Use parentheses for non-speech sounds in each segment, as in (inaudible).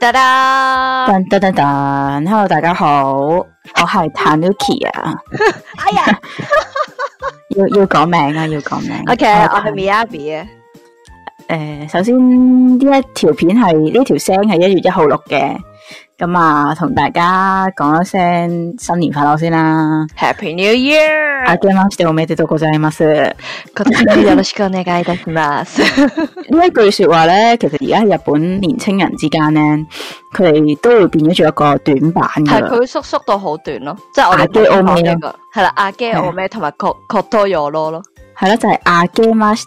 噠噠，噔噔噔噔，Hello，大家好，我係 Tanuki 啊，哎 (laughs) 呀， (laughs) 要要講名啊，要講名，OK，我係 Miyabi，誒，首先呢一條片係呢條聲係一月一號錄嘅。咁啊，同大家講一聲新年快樂先啦！Happy New Year！阿基馬士，我咩都多過你 mas，更多有冇識講呢句 mas？呢一句說話咧，其實而家喺日本年青人之間咧，佢哋都會變咗做一個短版嘅，係佢縮縮到好短咯，即係我哋最常用一個係啦，阿基奧咩同埋科科多佐咯，係啦，就係阿基馬士。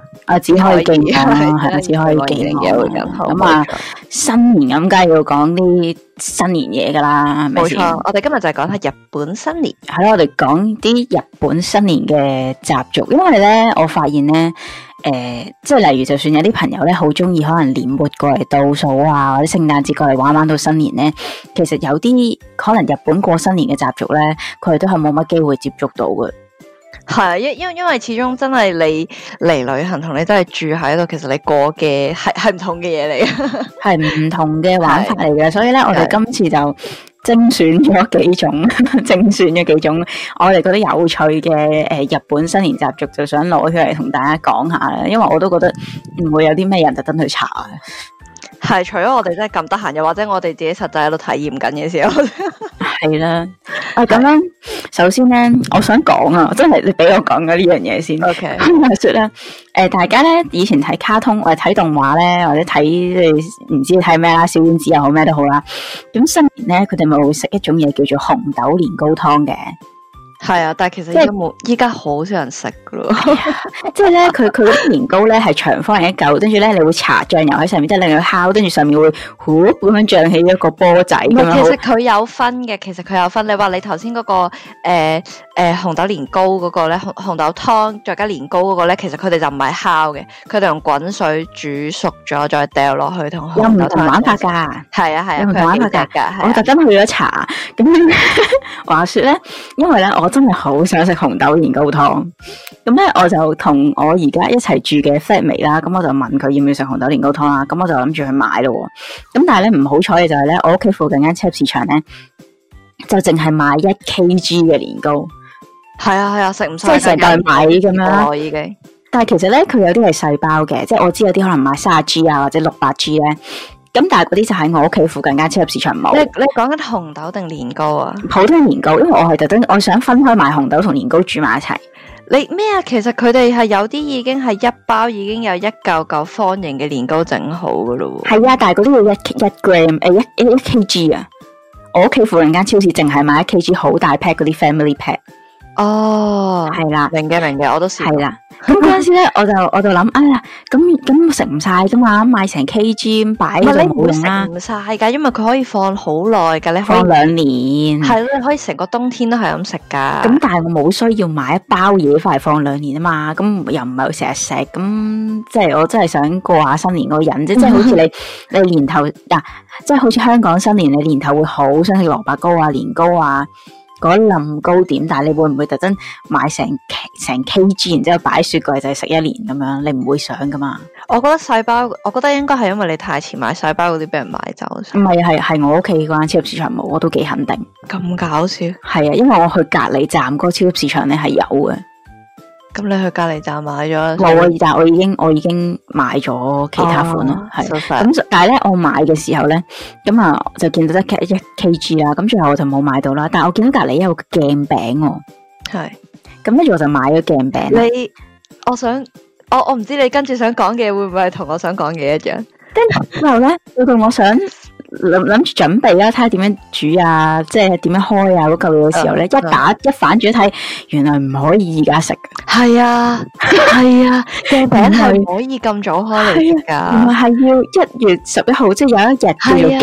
啊，只可以敬我，係啦，只可以敬我。咁啊，新年咁，梗係要講啲新年嘢噶啦，係咪先？冇錯，我哋今日就係講下日本新年。係啦、嗯，我哋講啲日本新年嘅習俗，因為咧，我發現咧，誒、呃，即係例如，就算有啲朋友咧，好中意可能年末過嚟倒數啊，或者聖誕節過嚟玩玩到新年咧，其實有啲可能日本過新年嘅習俗咧，佢哋都係冇乜機會接觸到嘅。係，因因為因為始終真係你嚟旅行同你真係住喺度，其實你過嘅係係唔同嘅嘢嚟，係唔同嘅玩法嚟嘅。是所以咧，我哋今次就精選咗幾種，是 (laughs) 精選咗幾種我哋覺得有趣嘅，誒、呃，日本新年習俗就想攞出嚟同大家講下。因為我都覺得唔會有啲咩人特登去查。係，除咗我哋真係咁得閒，又或者我哋自己實際喺度體驗緊嘅時候。 (laughs) 係啦，啊咁樣，首先咧， (laughs) 我想講啊，真係你俾我講嘅呢樣嘢先。OK，咁啊， (laughs) 話說、呃、咧，誒，大家咧以前睇卡通或者睇動畫咧，或者睇唔知睇咩啦，小丸子又好咩都好啦，咁新年咧，佢哋咪會食一種嘢叫做紅豆年糕湯嘅。係啊，但係其實而家冇，依家好少人食噶咯。即係咧，佢佢啲年糕咧係長方形一嚿，跟住咧你會搽醬油喺上面，即係令佢烤，跟住上面會呼咁樣脹起一個波仔。不樣其實佢有分嘅，其實佢有分。你話你頭先嗰個誒誒、呃呃、紅豆年糕嗰、那個咧，紅紅豆湯再加年糕嗰、那個咧，其實佢哋就唔係烤嘅，佢哋用滾水煮熟咗再掉落去同紅豆湯。唔同玩法噶，係啊係啊，有唔、啊啊、同玩法噶。啊啊啊、我特登去咗查。咁話說咧，因為咧我。真係好想食紅豆年糕湯，咁咧我就同我而家一齊住嘅 Flatmate 啦，咁我就問佢要唔要食紅豆年糕湯啦，啊，咁我就諗住去買咯，咁但係咧唔好彩嘅就係咧，我屋企附近間超市場咧就淨係賣一 K G 嘅年糕，係啊係啊，食唔晒即係成袋米咁樣我已經，但係其實咧佢有啲係細包嘅，即係我知有啲可能買卅 G 啊或者六百 G 咧。咁但係嗰啲就喺我屋企附近間超級市場冇。你你講緊紅豆定年糕啊？普通年糕，因為我係特登，我想分開買紅豆同年糕煮埋一齊。你咩啊？其實佢哋係有啲已經係一包已經有一嚿嚿方形嘅年糕整好噶咯。係啊，但係嗰啲要一一 gram，誒一 kg 啊。我屋企附近間超市淨係買一 kg 好大 pack 嗰啲 family pack。哦，係啦、oh, 了，明嘅明嘅，我都試過。咁嗰陣時咧，我就我就諗，哎呀，咁咁食唔晒啫嘛，買成 K G 擺喺度冇用啦、啊。唔晒噶，因為佢可以放好耐噶，你放兩年，係咯，可以成個冬天都係咁食噶。咁、嗯、但係我冇需要買一包嘢，快放兩年啊嘛。咁又唔係成日食，咁、嗯、即係我真係想過下新年嗰個癮啫。即係 (laughs) 好似你，你年頭嗱，即係、就是、好似香港新年，你年頭會好想食蘿蔔糕啊、年糕啊。嗰一林糕點，但係你會唔會特登買成，成 Kg，然之後擺雪櫃就係食一年咁樣？你唔會想㗎嘛？我覺得細包，我覺得應該係因為你太遲買細包，嗰啲俾人買走。唔係，係我屋企嗰間超級市場冇，我都幾肯定。咁搞笑係啊，因為我去隔離站嗰超級市場咧係有嘅。咁你去隔籬站買咗？冇啊！但係我已經，我已經買咗其他款咯，係。咁但係咧，我買嘅時候咧，咁啊就見到得一 Kg 啦，咁最後我就冇買到啦。但係我見到隔籬有一個鏡餅，係。咁跟住我就買咗鏡餅。你，我想，我我唔知你跟住想講嘅會唔會係同我想講嘅一樣？跟住之後咧，佢同我想。諗諗住準備啦，睇下點樣煮啊，即係點樣開啊，嗰嚿嘢嘅時候咧、uh, uh.，一打一反轉睇，原來唔可以而家食。係 (laughs) 啊，係啊，鏡餅係唔可以咁早開嚟食噶，唔係，係要一月十一號，即係有一日叫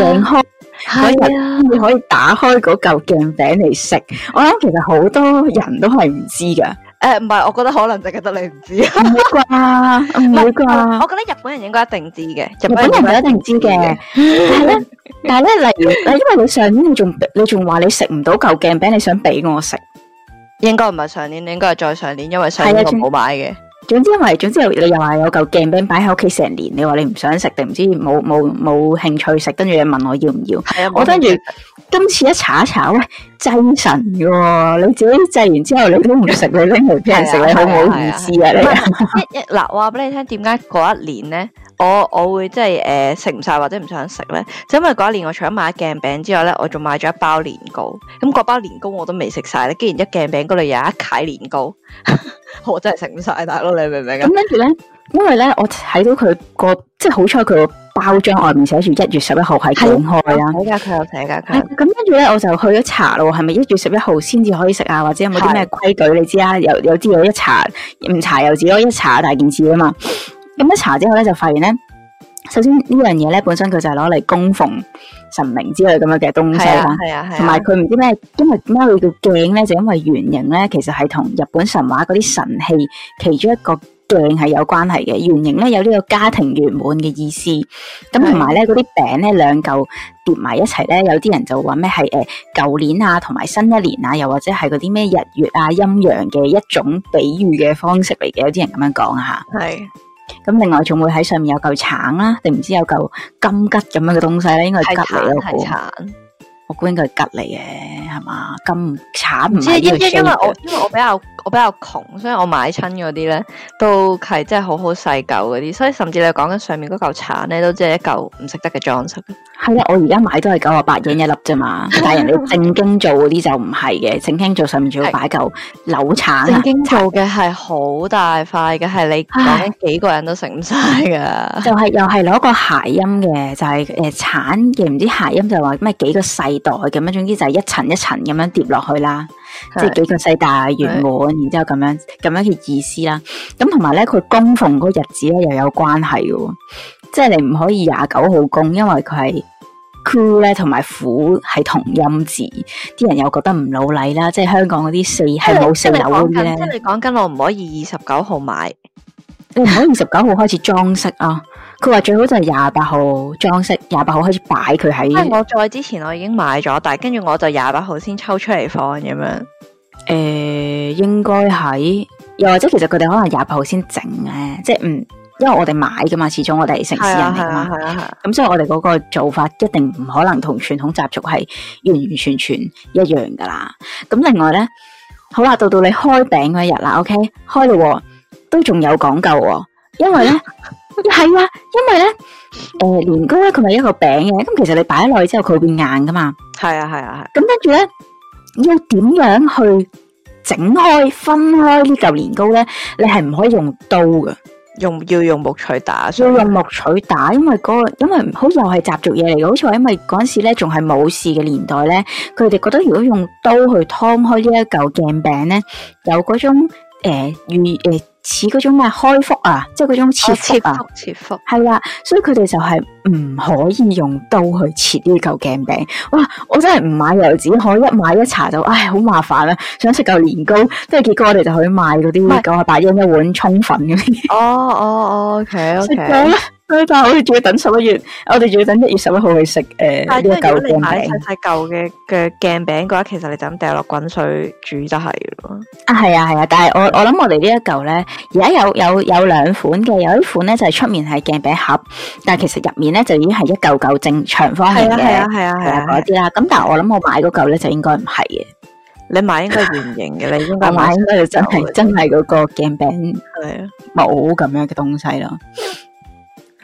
鏡開，嗰日先至可以打開嗰嚿鏡餅嚟食。我諗其實好多人都係唔知噶。誒，唔係、呃，我覺得可能就覺得你唔知啊吧，唔係啩，唔係啩，我覺得日本人應該一定知嘅，日本人，日本人應該一定知嘅。 (laughs) (laughs) 但係呢，但係咧，例如，因為你上年還，你仲，你仲話你食唔到舊鏡餅，你想俾我食，應該唔係上年，你應該係再上年，因為上年我冇買嘅。總之，因為總之你又話有嚿鏡餅擺喺屋企成年，你話你唔想食定唔知冇冇冇興趣食，跟住你問我要唔要？係啊的！我跟住今次一查一查，喂，真神噶，你自己祭完之後你都唔食，你拎嚟俾人食，你好唔好意思啊？你一一嗱，話俾你聽，點解嗰一年咧，我我會即係誒食唔晒，或者唔想食咧，就因為嗰一年我除咗買鏡餅之外咧，我仲買咗一包年糕。咁嗰包年糕我都未食晒咧，既然一鏡餅嗰度有一塊年糕。 (laughs) 我真係食唔晒，大佬你明唔明？咁跟住咧，因為咧我睇到佢個即係好彩佢個包裝外面寫住一月十一號係整開啦。我依家佢有寫噶。咁跟住咧，我就去咗查咯，係咪一月十一號先至可以食啊？或者有冇啲咩規矩的你知道啊？有有啲有一查唔查又知咯，一查大件事啊嘛。咁一查之後咧，就發現咧，首先呢樣嘢咧本身佢就係攞嚟供奉。神明之類咁樣嘅東西啦，係啊係，同埋佢唔知咩，因為咩佢叫鏡咧，就因為圓形咧，其實係同日本神話嗰啲神器其中一個鏡係有關係嘅。圓形咧有呢個家庭圓滿嘅意思，咁同埋咧嗰啲餅咧兩嚿疊埋一齊咧，有啲人就話咩係誒舊年啊，同埋新一年啊，又或者係嗰啲咩日月啊、陰陽嘅一種比喻嘅方式嚟嘅，有啲人咁樣講嚇。係。咁另外仲會喺上面有嚿橙啦，定唔知有嚿金桔咁樣嘅東西咧？應該係桔嚟嘅。我估應該係吉嚟嘅，係嘛？咁慘唔知，因因因為我因為我比較我比較窮，所以我買親嗰啲咧都係真係好好細嚿嗰啲，所以甚至你講緊上面嗰嚿橙咧，都只係一嚿唔識得嘅裝飾。係啊，我而家買都係九啊八円一粒啫嘛，但人哋正經做嗰啲就唔係嘅，正經做上面仲要擺嚿扭橙。正經做嘅係好大塊嘅，係你講緊幾個人都食唔晒㗎。就係又係攞個諧音嘅，呃、橙就係誒橙嘅，唔知諧音就話咩幾個細。袋咁樣，總之就係一層一層咁樣疊落去啦，的即係幾咁世大圓滿的，然之後咁樣咁樣嘅意思啦。咁同埋咧，佢供奉嗰日子咧又有關係嘅，即係你唔可以廿九號供，因為佢係 cool 咧，同埋苦係同音字，啲人又覺得唔老禮啦。即係香港嗰啲四係冇以四樓嗰啲咧。即係你講緊我唔可以二十九號買，唔可以十九號開始裝飾啊。 (laughs) 佢話最好就係廿八號裝飾，廿八號開始擺佢喺。因係我再之前我已經買咗，但係跟住我就廿八號先抽出嚟放咁樣。誒、呃，應該係，又或者其實佢哋可能廿八號先整咧，即係嗯，因為我哋買噶嘛，始終我哋城市人嚟嘛，咁、啊啊啊啊嗯、所以我哋嗰個做法一定唔可能同傳統習俗係完完全全一樣噶啦。咁另外咧，好、okay? 啊，到到你開餅嗰一日啦，OK，開嘞，都仲有講究喎、啊，因為咧。 (laughs) 係啊，因為咧，誒，年糕咧佢係一個餅嘅，咁其實你擺落去之後佢會變硬噶嘛。係啊係啊係。咁跟住咧，要點樣去整開、分開呢嚿年糕咧？你係唔可以用刀噶，用要用木錘打。所以用木錘打，因為嗰個因為好似又係習俗嘢嚟嘅，好似話因為嗰陣時咧仲係武士嘅年代咧，佢哋覺得如果用刀去劏開呢一嚿鏡餅咧，有嗰種誒預誒。似嗰種咩開腹啊，即係嗰種切腹，切腹，係啦，所以佢哋就係唔可以用刀去切呢嚿鏡餅。哇，我真係唔買油紙，我一買一查，就唉，好麻煩啦。想食嚿年糕，即係結果我哋就去買嗰啲九十八蚊一碗沖粉咁。哦哦哦，OK OK。食咗啦。誒，但係我哋仲要等十一月，我哋仲要等一月十一號去食誒呢一舊鏡餅。但係如果你買晒舊嘅嘅鏡餅嘅話，其實你就咁掉落滾水煮就係咯。啊，係啊，係啊，但係我我諗我哋呢一舊咧，而家有有有兩款嘅，有一款咧就係出面係鏡餅盒，但係其實入面咧就已經係一舊舊正長方形嘅嗰啲啦。咁但係我諗我買嗰舊咧就應該唔係嘅。你買應該圓形嘅，你應該買。我買應該就真係真係嗰個鏡餅，係啊，冇咁樣嘅東西咯。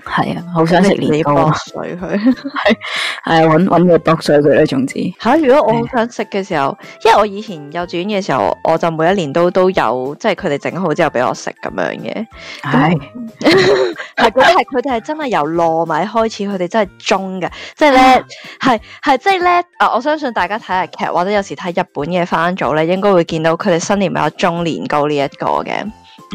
係啊，好想食年糕你 (laughs) 啊！水佢係係揾揾嘢剝水佢啦，總之吓、啊。如果我好想食嘅時候，因為我以前幼稚園嘅時候，我就每一年都都有，即係佢哋整好之後俾我食咁樣嘅。係係、哎，佢係佢哋係真係由糯米開始，佢哋真係舂嘅，即係咧係係，即係咧。啊，我相信大家睇日劇或者有時睇日本嘅番組咧，應該會見到佢哋新年有舂年糕呢一個嘅。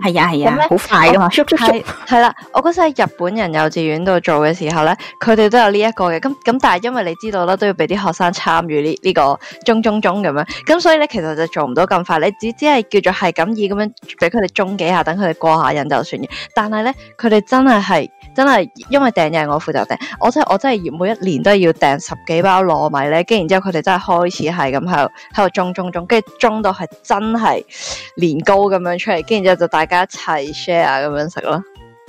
係啊，係啊，好快噶嘛，係係啦。我嗰時喺日本人幼稚園度做嘅時候咧，佢哋都有呢一個嘅。咁咁，但係因為你知道啦，都要俾啲學生參與呢呢個中中中咁樣。咁所以咧，其實就做唔到咁快。你只只係叫做係咁以咁樣俾佢哋中幾下，等佢哋過下癮就算嘅。但係咧，佢哋真係係真係，因為訂嘢係我負責訂，我真我真係每一年都要訂十幾包糯米咧。跟然之後，佢哋真係開始係咁喺度喺度中中中，跟住中到係真係年糕咁樣出嚟。跟然之後就。大家一齊 share 啊，咁樣食咯，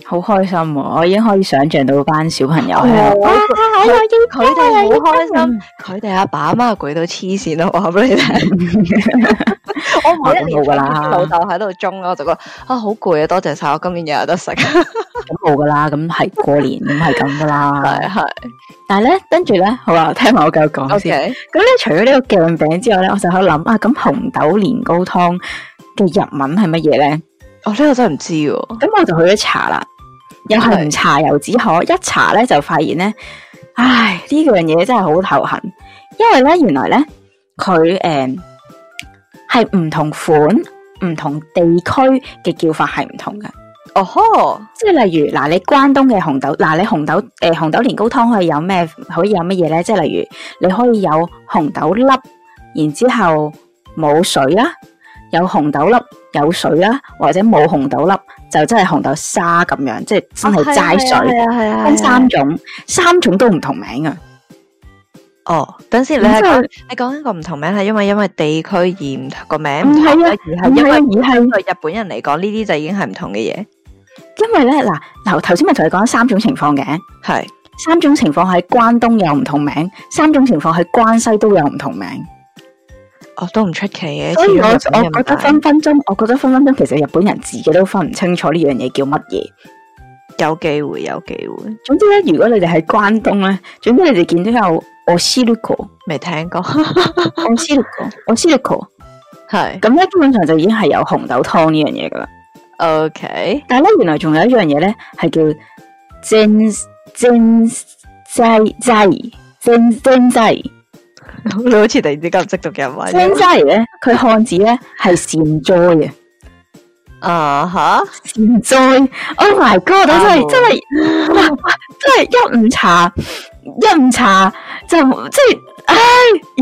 好開心！我已經可以想象到班小朋友係啊，佢哋好開心，佢哋阿爸阿媽攰到黐線咯，我話俾你聽。我唔冇一年，老豆喺度鐘，我就覺得啊好攰啊！多謝晒，我今年又有得食。咁好噶啦，咁係過年咁係咁噶啦，係係。但係咧，跟住咧，好啊，聽埋我繼續講先。咁咧，除咗呢個鏡餅之外咧，我就喺度諗啊，咁紅豆年糕湯嘅日文係乜嘢咧？哦，呢、這個真係唔知，啊、咁，哦、我就去咗查啦，又係唔查油紙可一查咧就發現咧，唉呢樣嘢，真係好頭痕，因為咧原來咧佢誒係唔同款唔同地區嘅叫法係唔同嘅，哦吼即係例如嗱你關東嘅紅豆，嗱你紅豆誒、呃、紅豆年糕湯可以有咩可以有乜嘢咧？即係例如你可以有紅豆粒，然之後冇水啦。有紅豆粒，有水啊，或者冇紅豆粒，就真係紅豆沙咁樣，即係真係齋水，分三種，三種都唔同名啊。哦，等陣先，你係講你講緊個唔同名係因為因為地區而唔同個名，而係因為以係因日本人嚟講呢啲就已經係唔同嘅嘢。因為咧嗱，頭頭先咪同你講咗三種情況嘅，係三種情況喺關東有唔同名，三種情況喺關西都有唔同名。我都唔出奇嘅，所以我我覺得分分鐘，我覺得分分鐘，其實日本人自己都分唔清楚呢樣嘢叫乜嘢。有機會，有機會。總之咧，如果你哋喺關東咧，總之你哋見到有 Osilico，未聽過 Osilico，Osilico，係咁咧，基本上就已經係有紅豆湯呢樣嘢噶啦。OK，但係咧，原來仲有一樣嘢咧，係叫蒸蒸仔仔蒸蒸仔。你好似突然之間唔識讀嘅人位，生齋咧佢漢字咧係善哉啊！啊吓善哉！Oh my God！Oh. 真係真係，真係一唔查一唔查就即、是、係唉！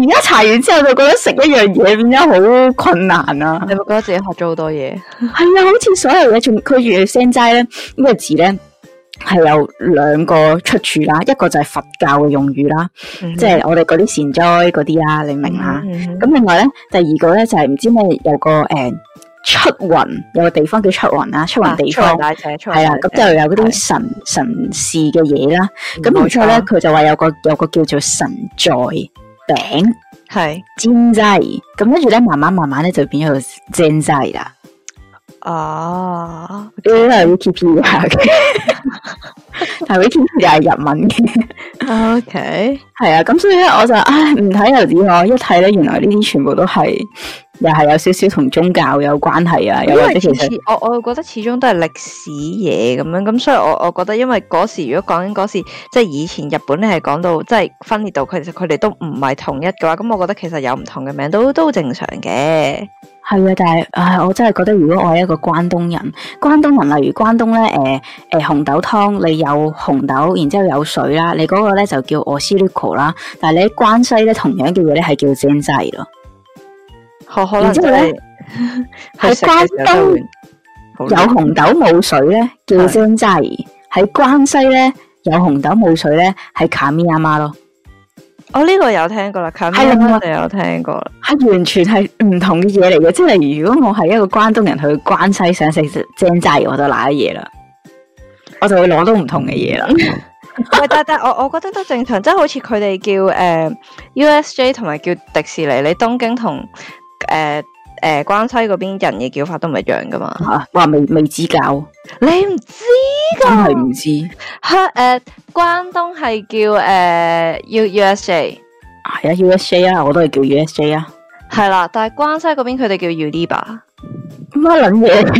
而家查完之後就覺得食一樣嘢變咗好困難啊！你會覺得自己學咗好多嘢？係啊，好似所有嘢仲佢越嚟越生齋咧，咩字咧？係有兩個出處啦，一個就係佛教嘅用語啦，即係我哋嗰啲善哉嗰啲啊，你明啦。咁另外咧，第二個咧就係唔知咩有個誒出雲，有個地方叫出雲啊，出雲地方，係啦，咁就有嗰啲神神事嘅嘢啦。咁冇錯咧，佢就話有個有個叫做神在餅，係煎製。咁跟住咧，慢慢慢慢咧就變咗個煎製啦。哦，因為佢 U T P 嘅。但係 v i 又係日文嘅 (laughs) ，OK 係啊，咁所以咧、哎，我就唉唔睇，又點我一睇咧，原來呢啲全部都係又係有少少同宗教有關係啊。有啲其實我我覺得始終都係歷史嘢咁樣，咁所以我我覺得，因為嗰時如果講緊嗰時，即係以前日本，你係講到即係分裂到佢，其實佢哋都唔係統一嘅話，咁我覺得其實有唔同嘅名都都好正常嘅。係啊，但係，唉，我真係覺得，如果我係一個關東人，關東人例如關東咧，誒、呃、誒、呃、紅豆湯，你有紅豆，然之後有水啦，你嗰個咧就叫 i 俄斯利可啦，但係你喺關西咧，同樣嘅嘢咧係叫蒸製咯。就是，然之後咧，喺 (laughs) 關東有紅豆冇水咧叫蒸製的，喺關西咧有紅豆冇水咧係卡咪亞媽咯。我呢、哦這個有聽過啦，近排我哋有聽過啦，係 (noise) 完全係唔同嘅嘢嚟嘅，即、就、係、是、如果我係一個關東人去關西想食正仔，Z, 我就瀨嘢啦，我就會攞到唔同嘅嘢啦。喂， (laughs) (laughs) 但但我我覺得都正常，即係好似佢哋叫誒 U S J 同埋叫迪士尼，你東京同誒。誒，關西嗰邊人嘅叫法都唔一樣噶嘛吓，話未未知教，你唔知噶，真係唔知。吓，誒，關東係叫誒 U U S J，係啊 U S J 啊，我都係叫 U S J 啊，係啦，但係關西嗰邊佢哋叫 Uniba，乜卵嘢？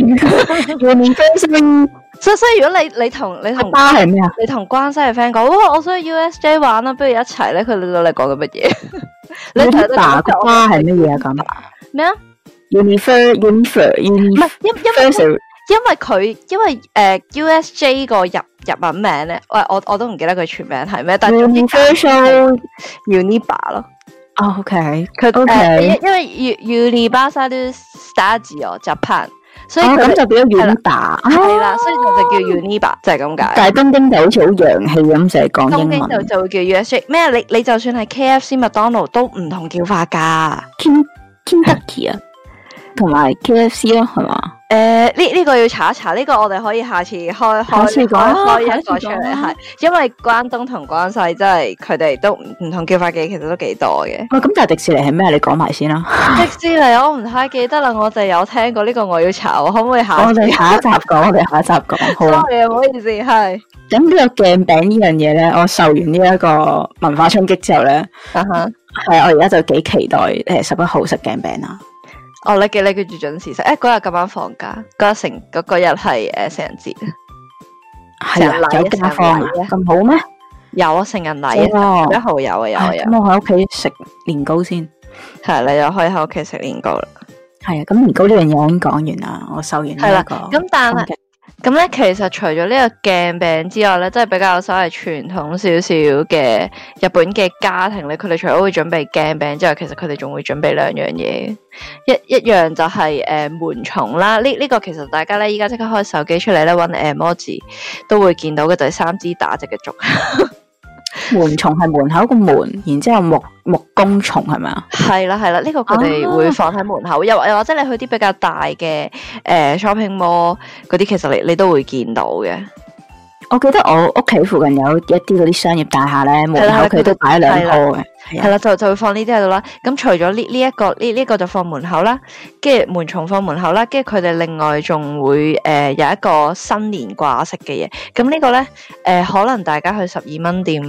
你唔 f r 所以如果你你同你同，巴係咩啊？你同關西嘅 friend 講，我我想去 U S J 玩啦，不如一齊咧。佢老嚟講緊乜嘢？你同大個巴係乜嘢啊？咁咩啊？Universal Universal Universal 唔係因因為因為佢因為誒、呃、U S J 個日日文名咧，我我我都唔記得佢全名係咩，但總之佢叫 Uniba 咯。哦 OK，佢 okay .誒、呃、因為 U n i b a 晒都日字哦，Japan，所以咁就變咗 Uniba，係啦，了啊、所以就叫 Uniba，就係咁解。但係東京就好似好洋氣咁，就係講英文就會叫 U S J 咩？你你就算係 K F C、麥當勞都唔同叫法噶，Kim Kim Ducky 啊。King, King 同埋 K F C 咯，係嘛？誒、呃，呢、這、呢、個這個要查一查，呢、這個我哋可以下次開下次、啊、開開一個出嚟，係、啊、因為關東同關西真係佢哋都唔同叫法嘅，其實都幾多嘅。咁、哦，但係迪士尼係咩？你講埋先啦。迪士尼我唔太記得啦，我哋有聽過呢、這個，我要查，可唔可以下？我哋下一集講，我哋下一集講。sorry，唔好意思，係咁，呢個鏡餅呢樣嘢咧，我受完呢一個文化衝擊之後咧，啊係、uh huh. 嗯、我而家就幾期待誒十一號食鏡餅啦。呃哦，你記你記住準時食，誒、欸，嗰日咁啱放假，嗰日成嗰日係誒成人節，係啊，有假放啊，咁好咩？有、嗯、啊，成人禮一號有啊有啊。咁我喺屋企食年糕先，係 (laughs) 你又可以喺屋企食年糕啦，係啊， (laughs) 咁年糕呢樣嘢已經講完啦，我收完呢一個，咁但係。咁咧、嗯，其實除咗呢個鏡餅之外咧，即係比較稍微傳統少少嘅日本嘅家庭咧，佢哋除咗會準備鏡餅之外，其實佢哋仲會準備兩樣嘢，一一樣就係、是、誒、呃、門松啦。呢呢、這個其實大家咧依家即刻開手機出嚟咧，揾誒 emoji 都會見到嘅就係三支打直嘅竹。 (laughs) 門松係門口個門，然之後木木工松係咪啊？係啦係啦，呢、 (noise) 這個佢哋會放喺門口，又又、啊、或者你去啲比較大嘅誒 shopping mall 嗰啲，其實你你都會見到嘅。我記得我屋企附近有一啲嗰啲商業大廈咧，門口佢的都擺兩棵嘅，係啦，就就會放呢啲喺度啦。咁除咗呢呢一個呢呢、這個就放門口啦，跟住門松放門口啦，跟住佢哋另外仲會誒、呃、有一個新年掛飾嘅嘢。咁呢個咧誒，可能大家去十二蚊店。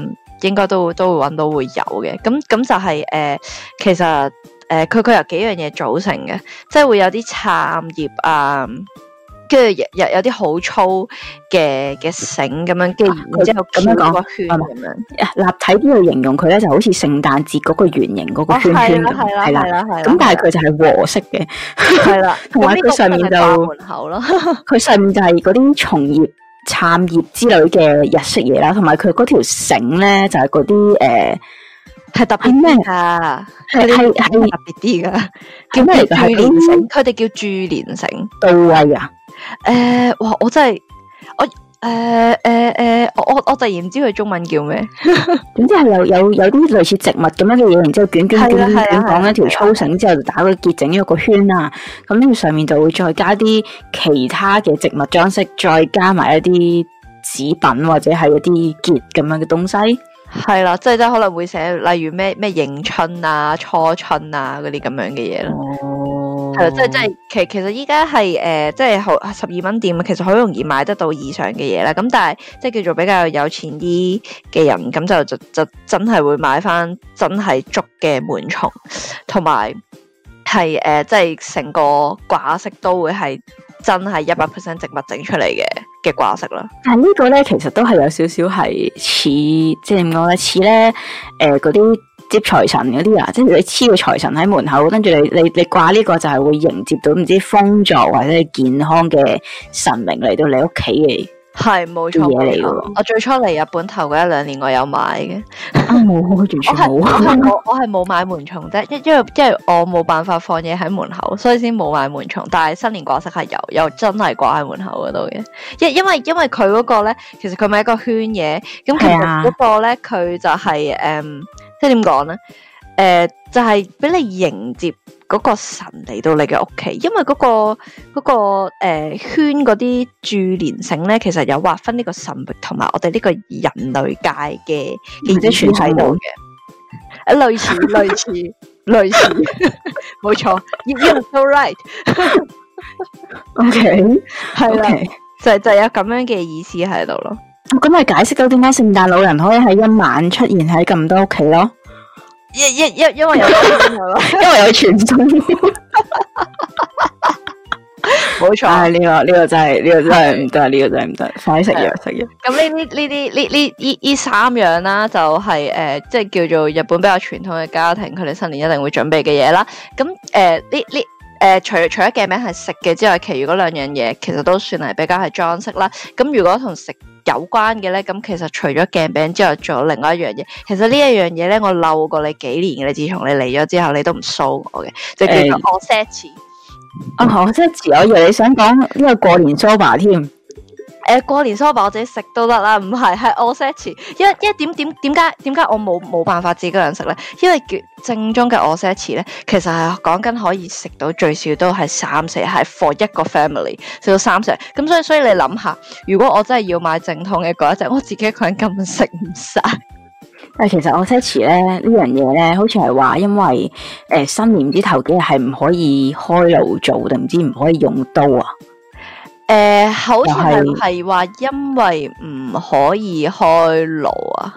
應該都會都會揾到會有嘅，咁咁就係誒，其實誒，佢、嗯、佢有幾樣嘢組成嘅，即係會有啲插葉啊，跟住又有啲好粗嘅嘅繩咁樣，跟住然之後圈一圈咁樣，立體啲去形容佢咧，就好似聖誕節嗰個圓形嗰個圈圈咁，係啦係啦係啦，咁但係佢就係和式嘅，係 (laughs) 啦還有、啊，同埋呢佢上面就門口囉佢 (laughs) 上面就係嗰啲松葉。產業之類嘅日式嘢啦，同埋佢嗰條繩咧就係嗰啲誒，係、呃、特別咩噶？係係特別啲噶，是是是叫咩嚟噶？係注連繩，佢哋叫注連繩，到那位啊！誒、呃，哇！我真係我。誒誒誒，我我我突然唔知佢中文叫咩、 (laughs) 嗯，總之係有有有啲類似植物咁樣嘅嘢，然之後捲捲捲捲講一條粗繩之後就打個結，整咗個圈啊，咁呢個上面就會再加啲其他嘅植物裝飾，再加埋一啲紙品或者係一啲結咁樣嘅東西。係啦，即係即係可能會寫，例如咩咩迎春啊、初春啊嗰啲咁樣嘅嘢咯。嗯係即係即係，其其實依家係誒，即係好十二蚊店，其實好、呃、容易買得到以上嘅嘢啦。咁但係即係叫做比較有錢啲嘅人，咁就就就真係會買翻真係竹嘅門松，同埋係誒，即係成個掛飾都會係真係一百 percent 植物整出嚟嘅嘅掛飾啦。但係呢個咧，其實都係有少少係似，即係點講咧，似咧誒啲。呃接財神嗰啲啊，即係你黐個財神喺門口，跟住你你你掛呢個就係會迎接到唔知豐作或者健康嘅神明嚟到你屋企嘅。係冇錯，嘢嚟嘅。我最初嚟日本頭嗰一兩年，我有買嘅。啊冇，完全冇。我我係冇買門松啫，因因為因為我冇辦法放嘢喺門口，所以先冇買門松。但係新年掛飾係有，又真係掛喺門口嗰度嘅。因為因為因為佢嗰個咧，其實佢咪一個圈嘢。咁其實嗰個咧，佢、啊、就係、是、誒。嗯即係點講咧？誒、呃，就係、是、俾你迎接嗰個神嚟到你嘅屋企，因為嗰、那個、那個誒、呃、圈嗰啲注連繩咧，其實有劃分呢個神同埋我哋呢個人類界嘅連接處喺度嘅，類似類似 (laughs) 類似，冇錯 (laughs) (laughs) (laughs) ，you are so right (laughs) okay? 了。OK，係啦，就就有咁樣嘅意思喺度咯。咁咪、啊、解釋到點解聖誕老人可以喺一晚出現喺咁多屋企咯？因因因因為有， (laughs) 因為有傳統，冇錯。呢個呢、呢個真係呢、呢個真係唔得，呢的個真係唔得，呢個、的快啲食藥食藥。咁呢呢呢啲呢呢呢呢三樣啦、就是呃，就係誒，即係叫做日本比較傳統嘅家庭，佢哋新年一定會準備嘅嘢啦。咁誒呢呢。呃誒、呃，除除咗鏡餅係食嘅之外，其餘嗰兩樣嘢其實都算係比較係裝飾啦。咁如果同食有關嘅咧，咁其實除咗鏡餅之外，仲有另外一樣嘢。其實呢一樣嘢咧，我漏過你幾年嘅。你自從你嚟咗之後，你都唔掃我嘅，就叫做我 set 錢。哦，即係以為你想講，因為過年做埋添。誒、呃，過年梳扒我自己食都得啦，唔係，係御節。一一點點點解點解我冇冇辦法自己一個人食咧？因為正宗嘅御節咧，其實係講緊可以食到最少都係三四係 for 一個 family 食到三四。咁所以所以你諗下，如果我真係要買整桶嘅嗰一隻，我自己一個人根本食唔晒。但、呃、其實御節咧呢樣嘢咧，好似係話因為誒、呃、新年啲知頭幾日係唔可以開爐做定唔知唔可以用刀啊？誒、呃，好似係話因為唔可以開爐啊，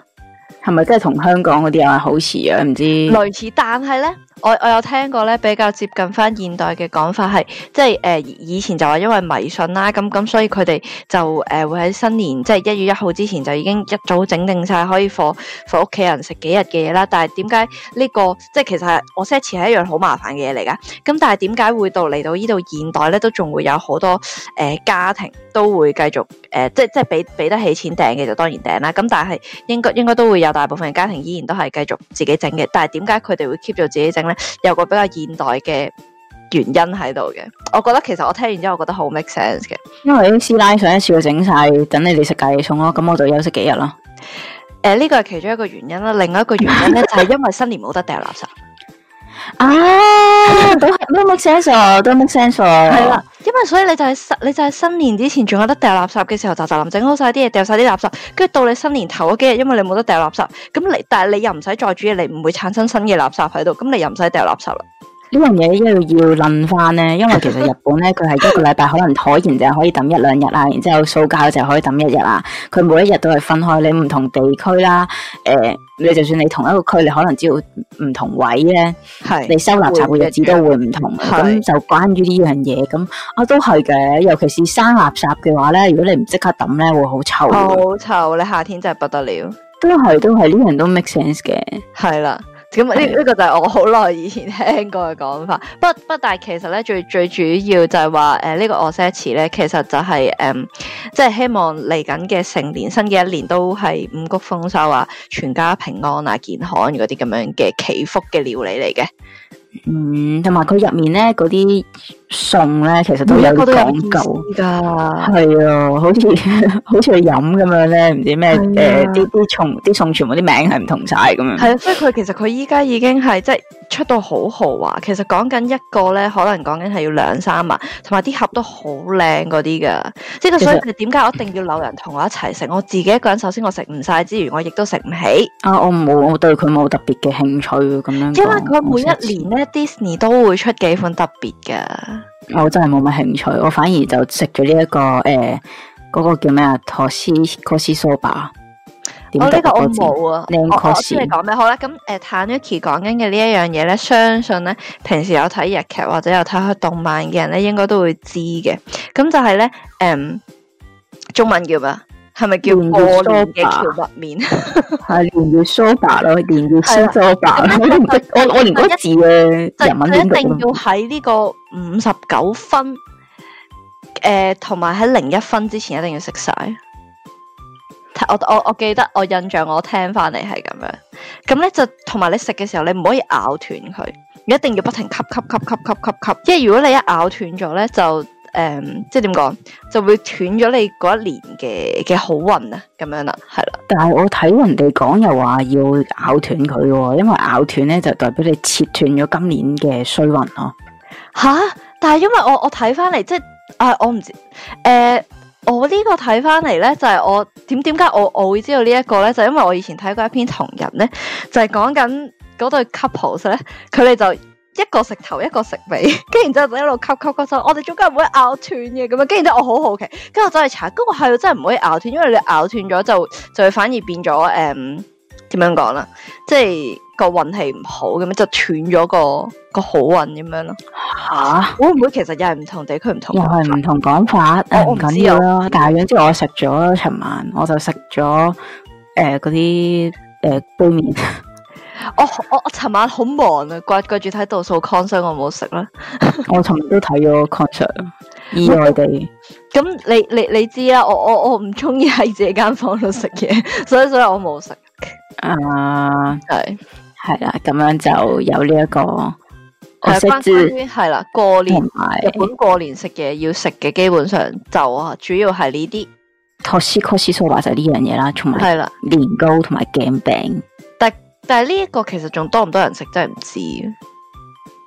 係咪真係同香港嗰啲啊好似啊？唔知類似，但係呢。我我有聽過咧，比較接近翻現代嘅講法係，即係誒、呃、以前就話因為迷信啦，咁咁所以佢哋就誒、呃、會喺新年即係一月一號之前就已經一早整定晒，可以放放屋企人食幾日嘅嘢啦。但係點解呢個即係其實我 set 前係一樣好麻煩嘅嘢嚟噶？咁但係點解會到嚟到呢度現代咧，都仲會有好多誒、呃、家庭都會繼續誒、呃、即係即係俾俾得起錢訂嘅就當然訂啦。咁但係應該應該都會有大部分嘅家庭依然都係繼續自己整嘅。但係點解佢哋會 keep 住自己整？有個比較現代嘅原因喺度嘅，我覺得其實我聽完之後我覺得好 make sense 嘅，因為啲師奶上一次我整晒，等你哋食芥菜餸咯，咁、嗯、我就休息幾日咯。誒、呃，呢個係其中一個原因啦，另外一個原因咧 (laughs) 就係因為新年冇得掉垃圾。啊，都係 make、啊、s 都 make (laughs) s e 因為所以你就係、是、新，你就係新年之前仲有得掉垃圾嘅時候，就雜林整好晒啲嘢，掉晒啲垃圾，跟住到你新年頭嗰幾日，因為你冇得掉垃圾，咁你但係你又唔使再煮嘢，你唔會產生新嘅垃圾喺度，咁你又唔使掉垃圾啦。要要呢樣嘢一路要諗返咧，因為其實日本咧，佢係一個禮拜可能可燃就可以抌一兩日啊，然之後塑膠就可以抌一日啊。佢每一日都係分開你唔同地區啦，誒、呃，你就算你同一個區，你可能只要唔同位咧，係是你收垃圾嘅日子都會唔同。咁的就關於呢樣嘢咁啊，都係嘅。尤其是生垃圾嘅話咧，如果你唔即刻抌咧，會好臭，好、哦、臭。你夏天真係不得了。都係，都係呢樣都 make sense 嘅，係啦。咁呢呢個就係我好耐以前聽過嘅講法，不不，但其實咧最最主要就係話，誒、呃這個、呢個おせち咧，其實就係，誒，即係希望嚟緊嘅成年新嘅一年都係五穀豐收啊，全家平安啊，健康啲咁樣嘅祈福嘅料理嚟嘅。餸咧，其實都有講究㗎，係啊，好似 (laughs) 好似去飲咁樣咧，唔知咩誒啲啲餸啲全部啲名係唔同晒咁樣。係啊的、呃，所以佢其實佢依家已經係即係出到好豪華，其實講緊一個咧，可能講緊係要兩三萬，同埋啲盒都好靚嗰啲㗎。即係所以點解實我一定要留人同我一齊食？我自己一個人首先我食唔晒，之餘，我亦都食唔起。啊，我冇，我對佢冇特別嘅興趣咁樣。因為佢每一年咧，Disney 都會出幾款特別㗎。我真係冇乜興趣，我反而就食咗呢一個誒，嗰，呃那個叫咩啊？托斯哥斯蘇巴，我呢個我冇啊。我我知你講咩，好啦，咁誒，呃，坦尼奇講緊嘅呢一樣嘢咧，相信咧平時有睇日劇或者有睇下動漫嘅人咧，應該都會知嘅。咁就係咧，誒，嗯，中文叫咩啊？係咪叫過年嘅蕎麥麵？係年糕梳白咯，年糕梳梳白。我都唔識，我 (laughs) 我連字咧，日 (noise) 一定要喺呢個五十九分，誒、呃，同埋喺零一分之前一定要食晒。我我我記得我印象我聽翻嚟係咁樣，咁咧就同埋你食嘅時候，你唔可以咬斷佢，你一定要不停吸吸吸吸吸吸吸。即係如果你一咬斷咗咧，就。誒、嗯，即係點講，就會斷咗你嗰一年嘅嘅好運啊，咁樣啦，係啦。但係我睇人哋講又話要咬斷佢喎，因為咬斷咧就代表你切斷咗今年嘅衰運咯。吓，但係因為我我睇翻嚟，即係誒、啊，我唔知誒、呃，我個呢個睇翻嚟咧，就係、是、我點點解我我會知道呢一個咧，就是、因為我以前睇過一篇同人咧，就係講緊嗰對 couples 咧，佢哋就。一個食頭，一個食尾，跟住然之後就一路吸吸吸，吸吸吸，我就我哋中間唔會咬斷嘅咁樣。跟住咧，我好好奇，跟住我走去查，咁我係、嗯、真係唔可以咬斷，因為你咬斷咗就就反而變咗誒，點樣講啦？即係個運氣唔好咁樣，就斷咗個個好運咁樣咯。吓、啊、會唔會其實又係唔同地區唔同，又係唔同講法。哦、不管 我唔緊要啦，但係樣即係我食咗尋晚，我就食咗誒嗰啲誒杯麵。我我我尋晚好忙啊，掛掛住睇倒數 concert，我冇食啦。我尋日都睇咗 concert，意外地。咁你你你知啦，我我我唔中意喺自己間房度食嘢，所以所以我冇食。啊，係係啦，咁樣就有呢一個。我係關注係啦，過年日本過年食嘢要食嘅，基本上就啊，主要係呢啲 toshikoshi soba 就呢樣嘢啦，同埋係啦年糕同埋鏡餅。但係呢一個其實仲多唔多人食真係唔知。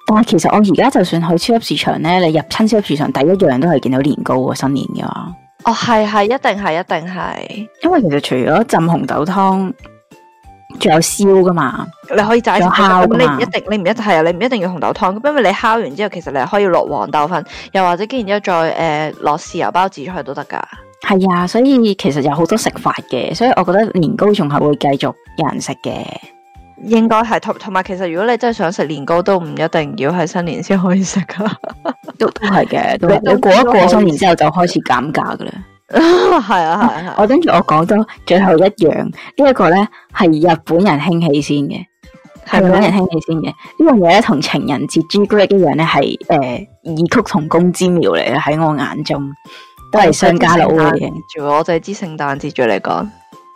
但係其實我而家就算去超級市場咧，你入親超級市場第一樣都係見到年糕啊，新年噶。哦，係係，一定係一定係，因為其實除咗浸紅豆湯，仲有燒噶嘛。你可以炸一啲烤嘛你唔一定，你唔一定係你唔一定要紅豆湯，因為你烤完之後，其實你可以落黃豆粉，又或者跟住之後再誒落豉油包紫菜出去都得噶。係啊，所以其實有好多食法嘅，所以我覺得年糕仲係會繼續有人食嘅。 (music) 應該係同同埋，其實如果你真係想食年糕，都唔一定要喺新年先可以食噶， (laughs) 都都係嘅。你 (music) 過一過新年之後就開始減價噶啦。係啊係啊，我跟住我講咗最後一樣，呢一個咧係日本人興起先嘅，係日本人興起先嘅呢樣嘢咧，同情人節朱古力一樣咧，係誒異曲同工之妙嚟嘅喺我眼中，都係商家佬嘅嘢。我就係知聖誕節再嚟講。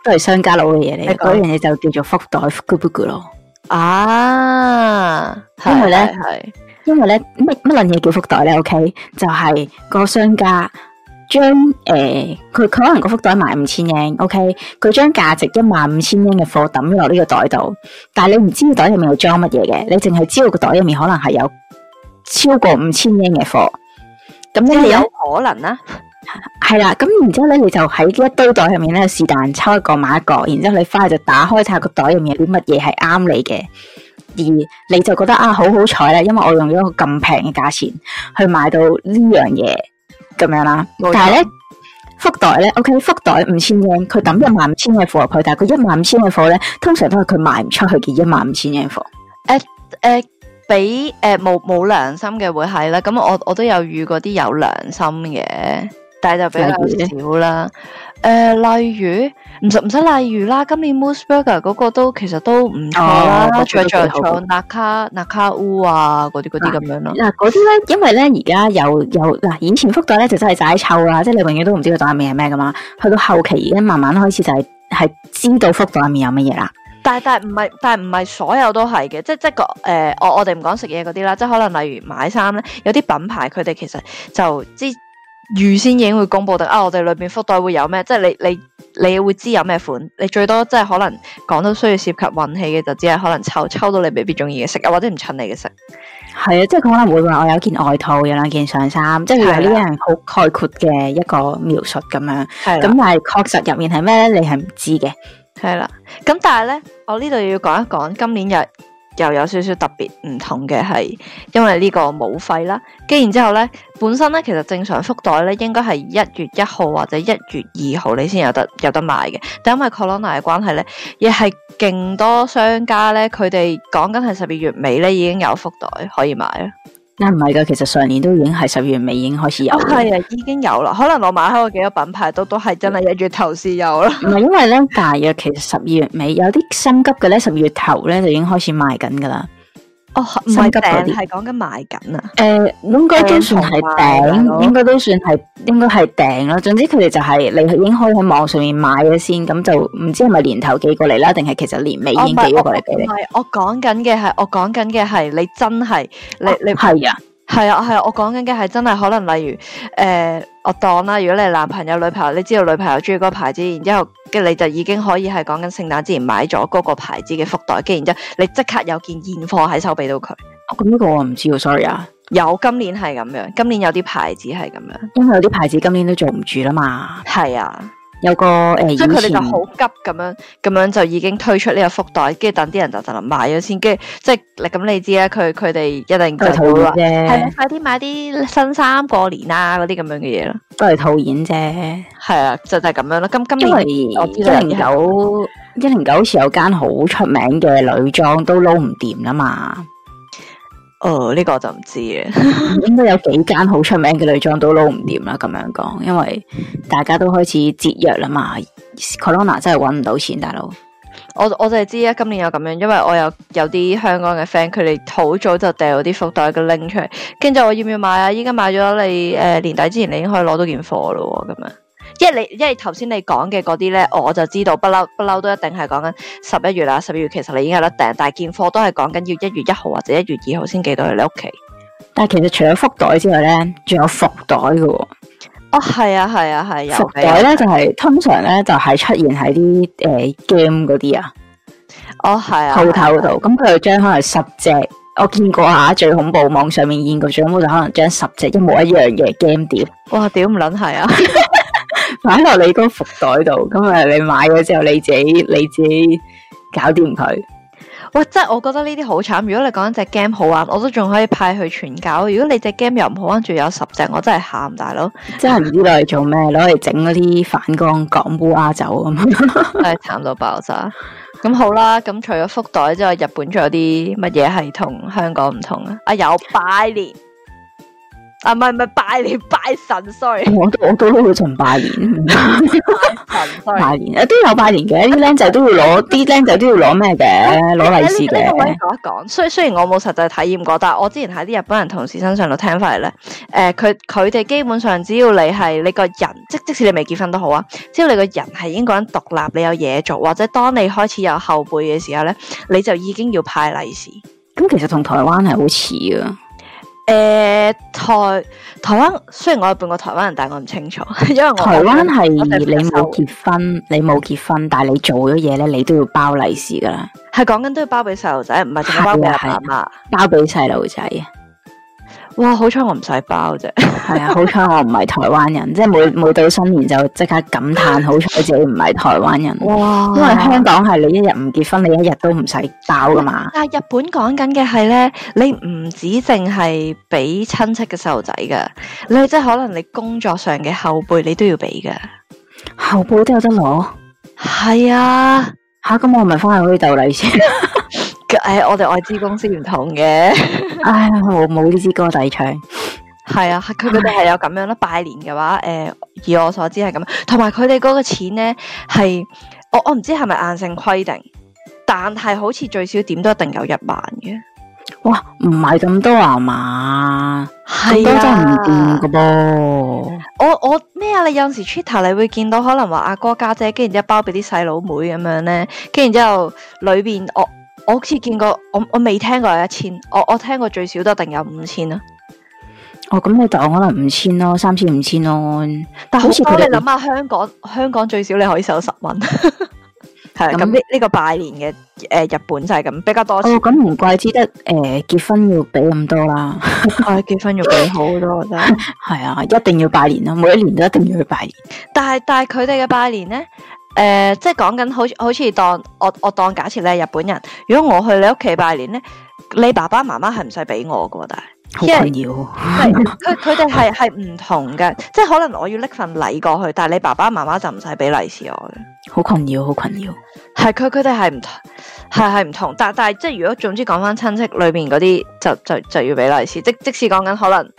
都係商家佬嘅嘢嚟，嗰樣嘢就叫做福袋 good 不 good 咯啊！因為咧，是是因為咧，乜乜嘢叫福袋咧？OK，就係個商家將誒，佢、呃、可能個福袋賣五千英，OK，佢將價值一萬五千英嘅貨抌落呢個袋度，但係你唔知道個袋入面有裝乜嘢嘅，你淨係知道個袋入面可能係有超過五千英嘅貨，咁係的有可能啦。 (laughs) 係啦，咁然之後咧，你就喺呢一堆袋入面咧，是但抽一個買一個，然之後你翻去就打開晒個袋入面有啲乜嘢係啱你嘅，而你就覺得啊，好好彩咧，因為我用咗一個咁平嘅價錢去買到樣、啊、冇錯呢樣嘢咁樣啦。但係咧，福袋咧，OK，福袋五千 yen，佢抌一萬五千嘅貨入去，但係佢一萬五千嘅貨咧，通常都係佢賣唔出去嘅一萬五千 yen 貨。誒誒、啊，俾誒冇冇良心嘅會係啦。咁我我，我都有遇過啲有良心嘅。但係就比較少啦。誒魚、呃，例如唔使唔使例如啦，今年 Mos Burger 嗰個都其實都唔錯啦，最最、哦、好。納卡納卡烏啊，嗰啲嗰啲咁樣咯。嗱，嗰啲咧，因為咧而家有有嗱，以、啊、前福袋咧就真係曬臭啦，即係你永遠都唔知佢袋入面係咩噶嘛。去到後期已經慢慢開始就係係知道福袋入面有乜嘢啦。但係但係唔係但係唔係所有都係嘅，即係即係個誒、呃，我我哋唔講食嘢嗰啲啦，即係可能例如買衫咧，有啲品牌佢哋其實就知。預先已經會公布定啊，我哋裏邊福袋會有咩，即係你你你會知有咩款。你最多即係可能講到需要涉及運氣嘅，就只係可能抽抽到你未必中意嘅色，又或者唔襯你嘅色。係啊，即係佢可能會話我有一件外套，有兩件上衫，即係呢樣好概括嘅一個描述咁樣。係咁的，但係確實入面係咩咧，你係唔知嘅。係啦，咁但係咧，我呢度要講一講今年又。又有少少特別唔同嘅係，因為呢個冇費啦，跟住之後呢，本身呢，其實正常福袋呢應該係一月一號或者一月二號你先有得有得買嘅，但因為 Corona 嘅關係呢，亦係勁多商家呢，佢哋講緊係十二月尾呢已經有福袋可以買啊。嗱唔係噶，其實上年都已經係十二月尾已經開始有啦、哦。已經有啦。可能我買開嘅幾個品牌都都係真係一月頭先有啦。唔係，因為咧大約其實十二月尾有啲心急嘅呢，十二月頭咧就已經開始賣緊噶啦。哦，唔係訂，係講緊買緊啊！誒、欸，應該都算係訂，應該都算係，應該係訂啦。總之佢哋就係、是、你已經可以喺網上面買咗先，咁就唔知係咪年頭寄過嚟啦，定係其實年尾已經寄咗過嚟俾你。唔係，我講緊嘅係，我講緊嘅係，你真係，你你係啊。你係啊，係啊，我講緊嘅係真係可能，例如誒、呃，我當啦，如果你係男朋友女朋友，你知道女朋友中意嗰個牌子，然之後嘅，你就已經可以係講緊聖誕之前買咗嗰個牌子嘅福袋，跟然之後你即刻有件現貨喺手俾到佢。哦，咁呢個我唔知 sorry 啊。有今年係咁樣，今年有啲牌子係咁樣，因為有啲牌子今年都做唔住啦嘛。係啊。有個誒，呃，所以佢哋就好急咁樣，咁樣就已經推出呢個福袋，跟住等啲人就就能買咗先，跟住即係，嗱咁你知啦，佢佢哋一定就套現係咪？是是快啲買啲新衫過年啊，嗰啲咁樣嘅嘢咯，都係套現啫，係啊，就就係咁樣咯。今今年一零九一零九時有間好出名嘅女裝都撈唔掂啊嘛。誒，呢、oh，個就唔知啦， (laughs) (laughs) 應該有幾間好出名嘅女裝都撈唔掂啦，咁樣講，因為大家都開始節約啦嘛 Corona 真係揾唔到錢，大佬。我我就係知啊，今年有咁樣，因為我有有啲香港嘅 friend，佢哋好早就掉啲福袋嘅拎出嚟，跟住我要唔要買啊？依家買咗你誒、呃，年底之前你已經可以攞到件貨咯，咁啊。因為你，即係頭先你講嘅嗰啲咧，我就知道不嬲不嬲都一定係講緊十一月啦，十二月其實你已經有得訂，但係件貨都係講緊要一月一號或者一月二號先寄到去你屋企。但係其實除咗福袋之外咧，仲有福袋嘅。哦，係啊，係啊，係。福袋咧就係通常咧就係出現喺啲誒 game 嗰啲啊。哦，係啊。鋪頭度，咁佢就將可能十隻，我見過下最恐怖網上面見過最恐怖，可能將十隻一模一樣嘅 game 碟。哇，屌唔撚係啊！擺落你嗰個福袋度，咁啊，你買咗之後你自己，你自己搞掂佢。喂，即係我覺得呢啲好慘。如果你講緊隻 game 好玩，我都仲可以派去全搞。如果你隻 game 又唔好玩，仲有十隻，我真係喊大佬。真係唔知攞嚟做咩，攞嚟整嗰啲反光港烏阿酒咁，係慘 (laughs) 到爆炸。咁 (laughs) 好啦，咁除咗福袋之外，日本仲有啲乜嘢係同香港唔同啊？啊，有拜年。Bye. 啊，唔係唔係拜年拜神，sorry，我都我都都會從拜年拜年，都有拜年嘅。啲僆仔都會攞，啲僆仔都要攞咩嘅？攞利是嘅。哎、我講，雖雖然我冇實際體驗過，但係我之前喺啲日本人同事身上度聽翻嚟咧，誒、呃，佢佢哋基本上只要你係你個人，就是、即即使你未結婚都好啊，只要你個人係已經講獨立，你有嘢做，或者當你開始有後輩嘅時候咧，你就已經要派利是。咁其實同台灣係好似啊。誒、呃，台台灣雖然我係半個台灣人，但係我唔清楚，因為我台灣係你冇結婚，你冇結婚，嗯、但係你做咗嘢咧，你都要包利是噶啦。係講緊都要包俾細路仔，唔係淨係包俾阿爸爸，包俾細路仔啊。哇！好彩我唔使包啫，係 (laughs) 啊！好彩我唔係台灣人， (laughs) 即係每每到新年就即刻感嘆 (laughs) 好彩自己唔係台灣人。哇！因為香港係你一日唔結婚，你一日都唔使包噶嘛。但、啊、日本講緊嘅係呢，你唔止淨係俾親戚嘅細路仔噶，你即係可能你工作上嘅後輩你都要俾噶，後輩都有得攞。係啊，吓咁、啊、我咪翻去搵你逗嚟先。 (laughs) (laughs) 誒、哎，我哋外資公司唔同嘅、 (laughs) 哎，唉，冇冇呢支歌仔唱，係 (laughs) 啊，佢哋度係有咁樣啦。拜年嘅話，誒、呃，以我所知係咁，同埋佢哋嗰個錢咧係，我我唔知係咪硬性規定，但係好似最少點都一定有一萬嘅。哇，唔係咁多 (laughs) 啊嘛，咁多真唔掂嘅噃。我我咩啊？你有時 Twitter 你會見到可能話阿哥家姐，姐一包妹妹樣，跟然之後包俾啲細佬妹咁樣咧，跟然之後裏邊我。我好似見過，我我未聽過有一千，我我聽過最少都一定有五千啦。哦，咁你就可能五千咯，三千五千咯。但係好多，你諗下香港，香港最少你可以收十蚊。係咁呢？呢、嗯，這個拜年嘅誒、呃，日本就係咁，比較多錢。咁唔、哦、怪之得誒，結婚要俾咁多啦。係、 (laughs) 啊、結婚要俾好多我覺得。係 (laughs) 啊，一定要拜年啦，每一年都一定要去拜年。但係但係佢哋嘅拜年咧。誒、呃，即係講緊，好似好似當我我當假設你係日本人，如果我去你屋企拜年咧，你爸爸媽媽係唔使俾我嘅，但係好困擾，佢佢哋係係唔同嘅，即係可能我要拎份禮過去，但係你爸爸媽媽就唔使俾利是我嘅，好困擾，好困擾，係佢佢哋係唔係係唔同，但但係即係如果總之講翻親戚裏面嗰啲就就就，就要俾利是、呃呃呃這個、是，是，即即使講緊可能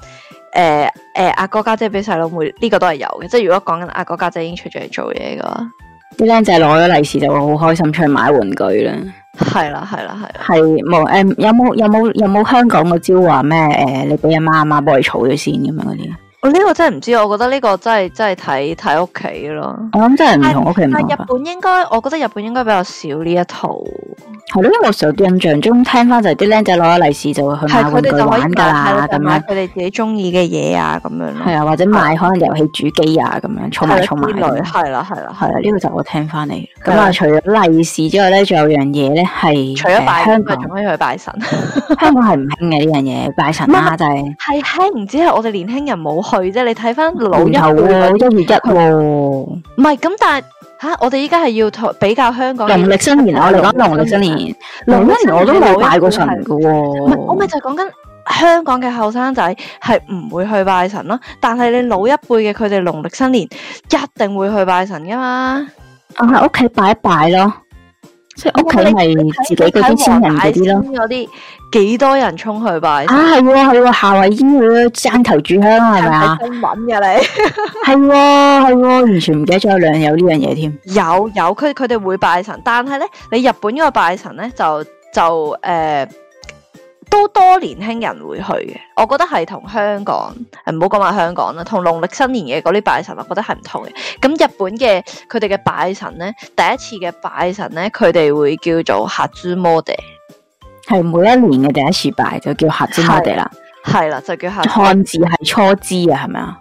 誒誒阿哥家姐俾細佬妹呢個都係有嘅，即係如果講緊阿哥家姐已經出咗嚟做嘢嘅。啲僆仔攞咗利是就會好開心出去買玩具啦，係啦係啦係。係冇，誒，有冇有冇有冇香港嘅招話咩誒？你俾阿媽，阿媽幫你儲咗先咁樣嗰啲？我呢、哦，這個真係唔知，我覺得呢個真係真係睇睇屋企咯。我諗真係唔同屋企唔同。係同日本應該，我覺得日本應該比較少呢一套。係咯，因為有時候印象中聽翻就係啲僆仔攞咗利是就會去買玩具玩噶啦，咁樣佢哋自己中意嘅嘢啊，咁樣係啊，或者買可能遊戲主機啊咁樣，儲埋儲埋。係啦係啦係啦，呢個就我聽翻嚟。咁啊，除咗利是之外咧，仲有樣嘢咧係除咗拜香港，仲可以去拜神。香港係唔興嘅呢樣嘢，拜神啊真係係興，唔知係我哋年輕人冇去啫。你睇翻老一輩，一月一喎。唔係咁，但係。吓、啊！我哋依家係要同比較香港農曆新年，我哋講農曆新年，農曆新年我都冇拜過神噶喎。我咪就係講緊香港嘅後生仔係唔會去拜神咯，但係你老一輩嘅佢哋農曆新年一定會去拜神噶嘛。我喺屋企拜一拜咯。即係屋企係自己嗰啲先人嗰啲咯，有啲幾多人衝去拜吓係係夏威夷佢，爭頭炷香係咪啊？穩嘅你係係完全唔記得咗有兩有呢樣嘢添，有有佢佢哋會拜神，但係咧你日本嗰個拜神咧就就誒。呃都多年輕人會去嘅，我覺得係同香港唔好講埋香港啦，同農曆新年嘅嗰啲拜神，我覺得係唔同嘅。咁日本嘅佢哋嘅拜神咧，第一次嘅拜神咧，佢哋會叫做 Hatsumode，係、um、每一年嘅第一次拜就叫 Hatsumode 啦，係啦，就叫 Hatsumode。漢、um 的 um、字係初之啊，係咪啊？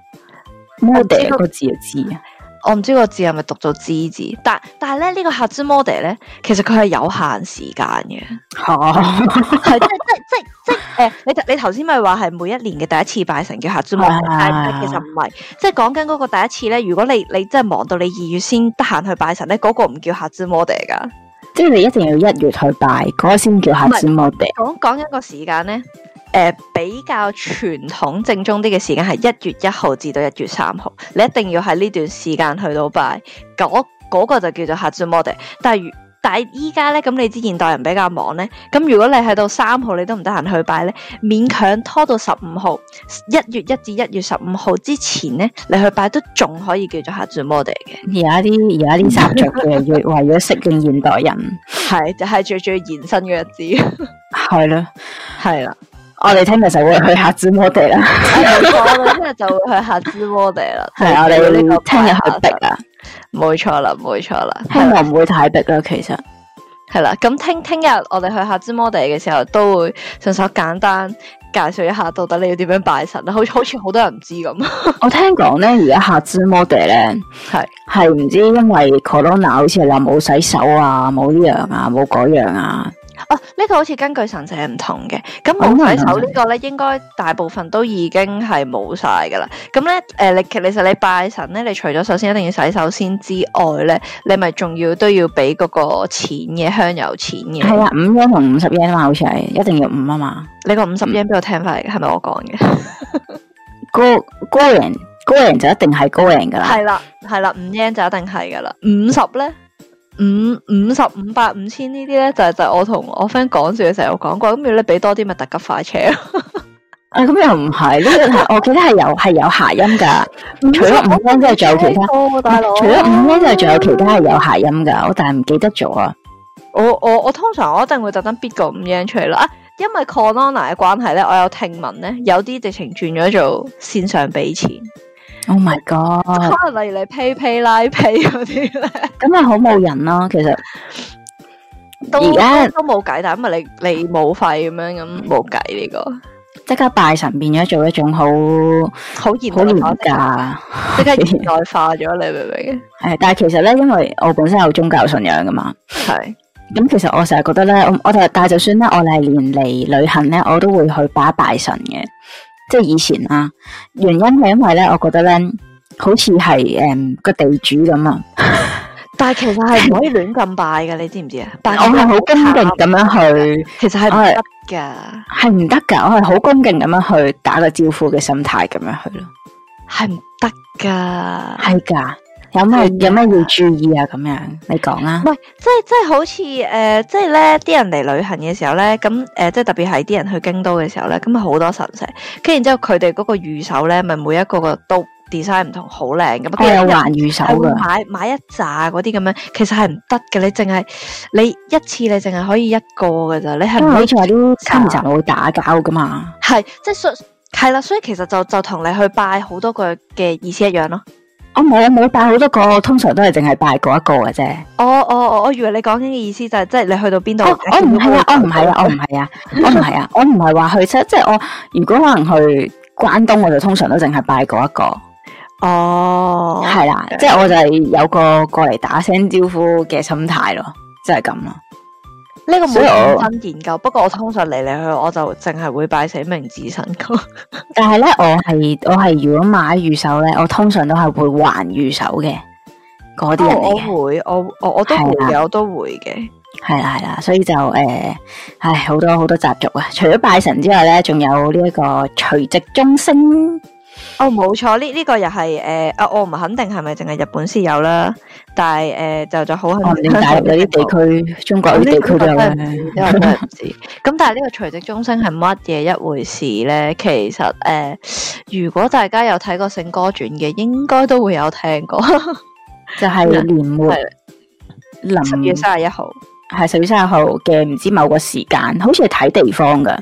摩地個字就之啊。我唔知個字係咪讀咗「知」字，但但係咧呢、這個客之摩地咧，其實佢係有限時間嘅，係即係即係即係即係誒，你你頭先咪話係每一年嘅第一次拜神叫「客之摩地」，但其實唔係，即係講緊嗰個第一次咧。如果你你真係忙到你二月先得閒去拜神咧，嗰、嗰個唔叫客之摩地噶，即係你一定要一月去拜，嗰、嗰個先叫客之摩地。講講緊個時間咧。誒、呃，比較傳統正宗啲嘅時間係一月一號至到一月三號，你一定要喺呢段時間去到拜，嗰嗰，嗰個就叫做客至摩 day。但係如但係依家咧，咁你知現代人比較忙咧，咁如果你喺到三號你都唔得閒去拜咧，勉強拖到十五號，一月一至一月十五號之前咧，你去拜都仲可以叫做客至摩 day 嘅。而家啲而家啲習俗嘅越為咗適應現代人，係就係、係、最最延伸嘅日子，係咯 (laughs) ，係啦。我哋聽日就會去下之摩地啦，冇錯，我哋聽日就會去下之摩地啦。係啊，我哋聽日去逼啦，冇錯啦，冇錯啦，希望唔會太逼啦。其實係啦，咁聽聽日我哋去下之摩地嘅時候，都會順手簡單介紹一下，到底你要點樣拜神啦。好似好似好多人唔知咁。我聽講咧，而家下之摩地咧，係係唔知因為 Corona 好似係話冇洗手啊，冇呢樣啊，冇嗰樣啊。哦，呢、啊這個好似根據神社唔同嘅，咁冇洗手呢個咧，應該大部分都已經係冇晒噶啦。咁咧，誒、呃，你其實你拜神咧，你除咗首先一定要洗手先之外咧，你咪仲要都要俾嗰個錢嘅香油錢嘅。係啊，五英同五十英啊，好似係一定要五啊嘛。你個五十英俾我聽翻嚟，係咪我講嘅？高高人，高人就一定係高人噶啦。係啦，係啦，五英就一定係噶啦，五十咧。五五十五百五千呢啲咧，就係、是、就係、是、我同我 friend 講笑嘅時候講過，咁如果你俾多啲咪特急快車啊！啊 (laughs) 咁、哎、又唔係咧， (laughs) 我記得係有係有諧音噶， (laughs) 除咗五音之外仲有其他，大佬？除咗五音之外仲有其他係 (laughs) 有諧音噶，我但係唔記得咗。我我我通常我一定會特登搵個五音出嚟咯，啊，因為 Corona 嘅關係咧，我有聽聞咧，有啲直情轉咗做綫上俾錢。Oh my god！可能例如你呸呸拉呸嗰啲咧，咁咪好冇人咯。其實而家都冇計，但係因為，你你冇費咁樣咁冇計呢個，即刻拜神變咗做一種好好熱好廉價噶，即刻現代化咗，你明唔明？誒，但係其實咧，因為我本身有宗教信仰噶嘛，係咁，其實我成日覺得咧，我我但係就算咧我連嚟旅行咧，我都會去拜拜神嘅。即係以前啊，原因係因為咧，我覺得咧，好似係誒個地主咁啊，但係其實係唔可以亂咁拜噶，你知唔知啊？但係我係好恭敬咁樣去，其實係唔得噶，係唔得噶，我係好恭敬咁樣去打個招呼嘅心態咁樣去咯，係唔得噶，係噶。有咩有咩要注意啊？咁樣你講啦。唔係，即係即係好似誒、呃，即係咧啲人嚟旅行嘅時候咧，咁、呃、誒，即係特別係啲人去京都嘅時候咧，咁、嗯、好多神社，跟然之後佢哋嗰個御守咧，咪每一個個都 design 唔同，好靚咁。我、哎、有還御守噶，買買一扎嗰啲咁樣，其實係唔得嘅。你淨係你一次，你淨係可以一個噶咋？你係唔好錯啲三扎會打交噶嘛？係即係，係啦，所以其實就就同你去拜好多個嘅意思一樣咯。我冇我冇拜好多個，通常都係淨係拜嗰一個嘅啫。哦哦哦，我以為你講緊嘅意思就係，即係你去到邊度？我唔係啊，我唔係啊，我唔係啊，我唔係啊，我唔係話去即係，即係我如果可能去關東，我就通常都淨係拜嗰一個。哦，係啦，即係我就係有個過嚟打聲招呼嘅心態咯，即係咁咯。呢個冇認真研究，不過我通常嚟嚟去去，我就淨係會拜明治神宮。 (laughs) 但係咧，我係我係如果買御守咧，我通常都係會還御守嘅嗰啲人嚟嘅。我會我我都會嘅，我都會嘅。係啦係啦，所以就誒、呃，唉，好多好多習俗啊！除咗拜神之外咧，仲有呢、這、一個除夕鐘聲。哦，冇錯，呢呢、這個又係誒，啊、呃，我唔肯定係咪淨係日本先有啦，但係誒、呃、就就好肯定點、哦、打入嗰啲地區，中國呢邊都因為我真係唔知。咁 (laughs) 但係、這、呢個除夕鐘聲係乜嘢一回事咧？其實誒、呃，如果大家有睇過《聖哥傳》嘅，應該都會有聽過， (laughs) 就係年末十、 (laughs) 嗯嗯、月三十一號。係十月三十號嘅唔知某個時間，好似係睇地方噶，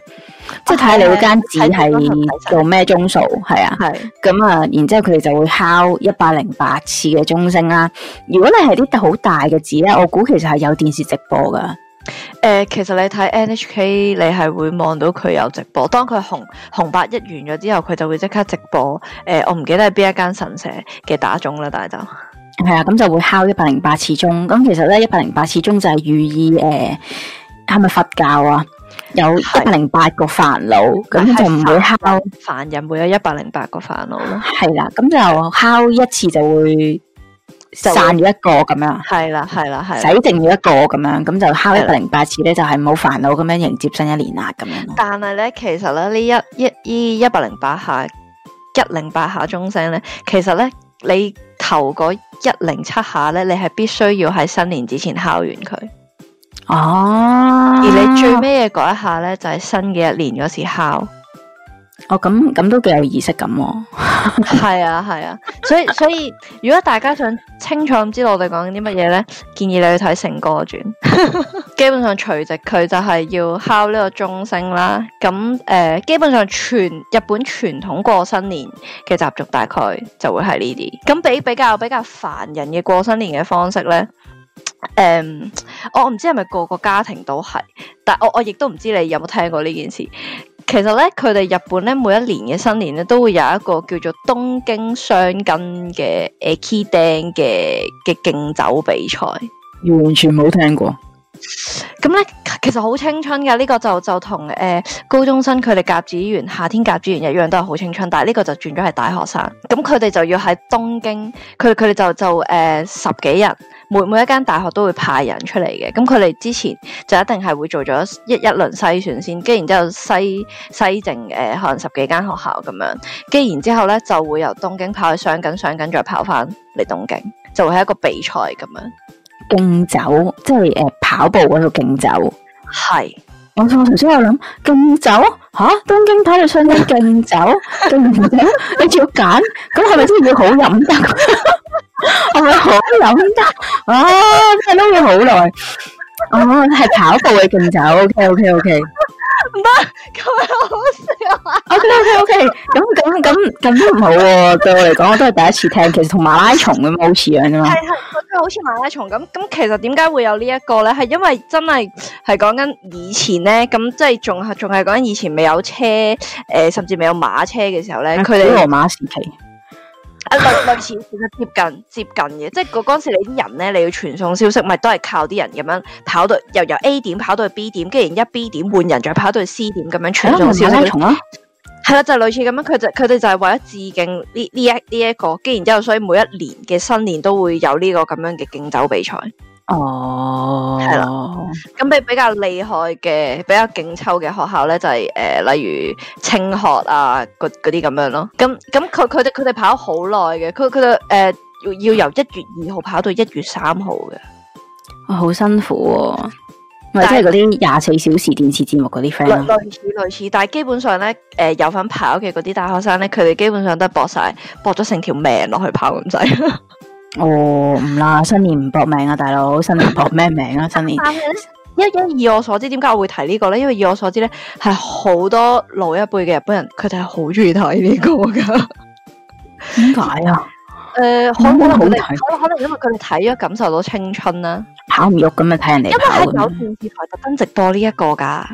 即係睇你嗰間寺係做咩鐘數，係啊，咁啊、嗯，然之後佢哋就會敲一百零八次嘅鐘聲啦。如果你係啲好大嘅寺咧，我估其實係有電視直播噶。誒、呃，其實你睇 NHK，你係會望到佢有直播。當佢紅紅白一完咗之後，佢就會即刻直播。誒、呃，我唔記得係邊一間神社嘅打鐘啦，但係就。係啊，咁就會敲一百零八次鐘。咁其實咧，一百零八次鐘就係寓意誒，係咪佛教啊？有一百零八個煩惱，咁就唔會敲煩人，會有一百零八個煩惱咯。係啦，咁就敲一次就會散咗一個咁樣。係啦，係啦，係，洗淨咗一個咁樣，咁就敲一百零八次咧，就係冇煩惱咁樣迎接新一年啦，咁樣。但係咧，其實咧呢一一依一百零八下一零八下鐘聲咧，其實咧你。頭嗰一零七下呢，你係必須要喺新年之前敲完佢。哦、啊，而你最尾嘅嗰一下呢，就係、是、新嘅一年嗰時敲。哦，咁咁都幾有儀式感。哦，係 (laughs) (laughs) 啊係啊，所以所以如果大家想清楚咁知道我哋講緊啲乜嘢咧，建議你去睇《聖歌傳》 (laughs) 基呃，基本上除夕佢就係要敲呢個鐘聲啦。咁誒，基本上全日本傳統過新年嘅習俗大概就會係呢啲。咁比比較比較煩人嘅過新年嘅方式咧，誒、嗯，我唔知係咪個個家庭都係，但我我亦都唔知你有冇聽過呢件事。其實呢，佢哋日本每一年嘅新年都會有一個叫做東京雙根嘅駅伝嘅嘅競走比賽，完全冇聽過。咁咧、嗯，其實好青春嘅呢、這個就就同誒、呃、高中生佢哋甲子園、夏天甲子園一樣都係好青春，但係呢個就轉咗係大學生。咁佢哋就要喺東京，佢佢哋就就誒、呃、十幾人，每每一間大學都會派人出嚟嘅。咁佢哋之前就一定係會做咗一一輪篩選先，跟住然之後篩篩剩誒、呃、可能十幾間學校咁樣，跟住然之後咧就會由東京跑去上緊，上緊再跑翻嚟東京，就係一個比賽咁樣。競走即係誒跑步嗰個競走係，我我頭先我諗競走吓東京跑嘅春日競走，競走你仲要揀，咁係咪真係要好飲得？係咪好飲得？啊，真係都要好耐。哦，係跑步嘅競走，OK OK OK。唔得，咁樣好笑。Okay, okay, okay. 好啊。O K O K O K，咁咁咁咁都唔好喎。對我嚟講，我都係第一次聽。其實同馬拉松咁好似樣啊嘛。係係 (laughs) 好似馬拉松咁咁。其實點解會有呢一個咧？係因為真係係講緊以前咧，咁即係仲係仲係講緊以前未有車誒、呃，甚至未有馬車嘅時候咧，佢哋羅馬時期。類類似，其實接近接近嘅，即係嗰嗰陣時你啲人咧，你要傳送消息，咪都係靠啲人咁樣跑到又由，由 A 點跑到去 B 點，跟住然一 B 點換人再跑到去 C 點咁樣傳送消息。係啦、欸， (laughs) 就係、類似咁樣，佢就佢哋就係為咗致敬呢呢一呢一個，跟住然之後，所以每一年嘅新年都會有呢個咁樣嘅競走比賽。哦，係咯、oh.，咁比比較厲害嘅，比較勁抽嘅學校咧，就係、是、誒、呃，例如青學啊，嗰啲咁樣咯。咁咁佢佢哋佢哋跑好耐嘅，佢佢哋誒要要由一月二號跑到一月三號嘅，好、哦、辛苦、啊。唔係是即係嗰啲廿四小時電視節目嗰啲 friend 咯。類似類似，但係基本上咧，誒、呃、有份跑嘅嗰啲大學生咧，佢哋基本上都係搏晒搏咗成條命落去跑咁滯。 (laughs) 哦，唔啦，新年唔搏命啊，大佬，新年搏咩命啊？新年， (coughs) 因為，因為以我所知，點解我會提呢個咧？因為以我所知咧，係好多老一輩嘅日本人，佢哋係好中意睇呢個噶。點解啊？誒、 (laughs) 呃，可能可能因為佢哋睇咗，感受到青春啦。跑唔喐咁樣睇人哋，因為係有電視台特登直播呢一個噶。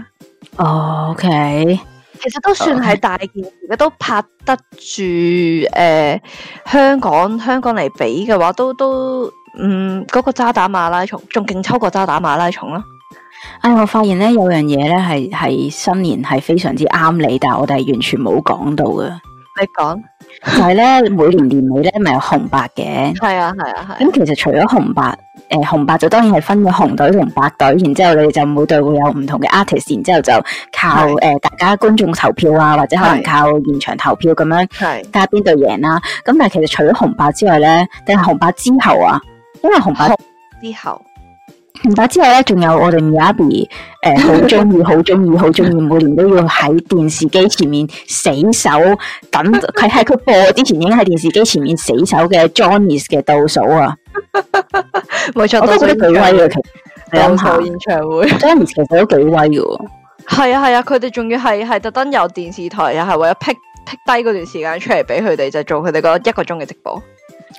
O K。其實都算係大件事嘅，都拍得住誒、呃，香港香港嚟比嘅話，都都嗯嗰、那個渣打馬拉松仲勁抽過渣打馬拉松咯、啊。唉、哎，我發現咧有樣嘢咧係係新年係非常之啱你，但係我哋係完全冇講到嘅。你講。 (music) 但係咧，每年年尾咧，咪有紅白嘅。係啊，係 (noise) 啊樂，係、嗯。咁其實除咗紅白，誒、呃，紅白就當然係分咗紅隊同白隊，然之後你哋就每隊會有唔同嘅 artist，然之後就靠誒是、呃、大家觀眾投票啊，或者可能靠現場投票咁、啊、是樣，睇下邊隊贏啦、啊。咁但係其實除咗紅白之外咧，定係紅白之後啊？因為紅白之後。唔但之外咧，仲有我哋 m a 誒、呃，好中意，好中意，好中意， (laughs) 每年都要喺電視機前面死守，等佢係佢播之前，已經喺電視機前面死守嘅 Johnny's 嘅倒數啊！冇錯， (laughs) 我都覺得幾威嘅，你諗下演唱會真係唔實際都幾威嘅，係啊係啊，佢哋仲要係係特登由電視台又係為咗辟辟低嗰段時間出嚟俾佢哋，就是、做佢哋嗰一個鐘嘅直播。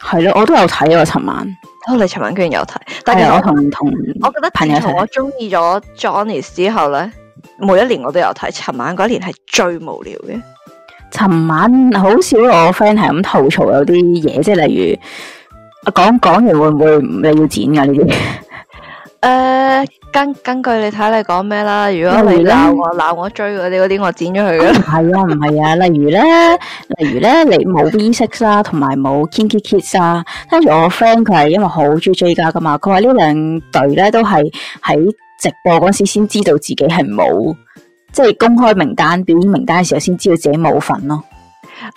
係咯，我都有睇啊！尋晚，我嚟尋晚居然有睇。但係我同同，我覺得我朋友同我中意咗 Johnny 之後咧，每一年我都有睇。尋晚嗰年係最無聊嘅。尋晚好少，我 friend 係咁吐槽有啲嘢，即係例如，講講完會唔會你要剪噶呢啲？誒，uh, 根根據你睇你講咩啦？如果你鬧我鬧我追嗰啲啲，我剪咗佢係啊，唔係啊，啊？例如咧， (laughs) 例如咧，你冇 V6 啦，同埋冇 KinKi Kids 啊。跟住我 friend 佢係因為好中意追 J 家噶嘛，佢話呢兩隊咧都係喺直播嗰時先知道自己係冇，即、就、係、是、公開名單表演名單嘅時候先知道自己冇份咯、啊。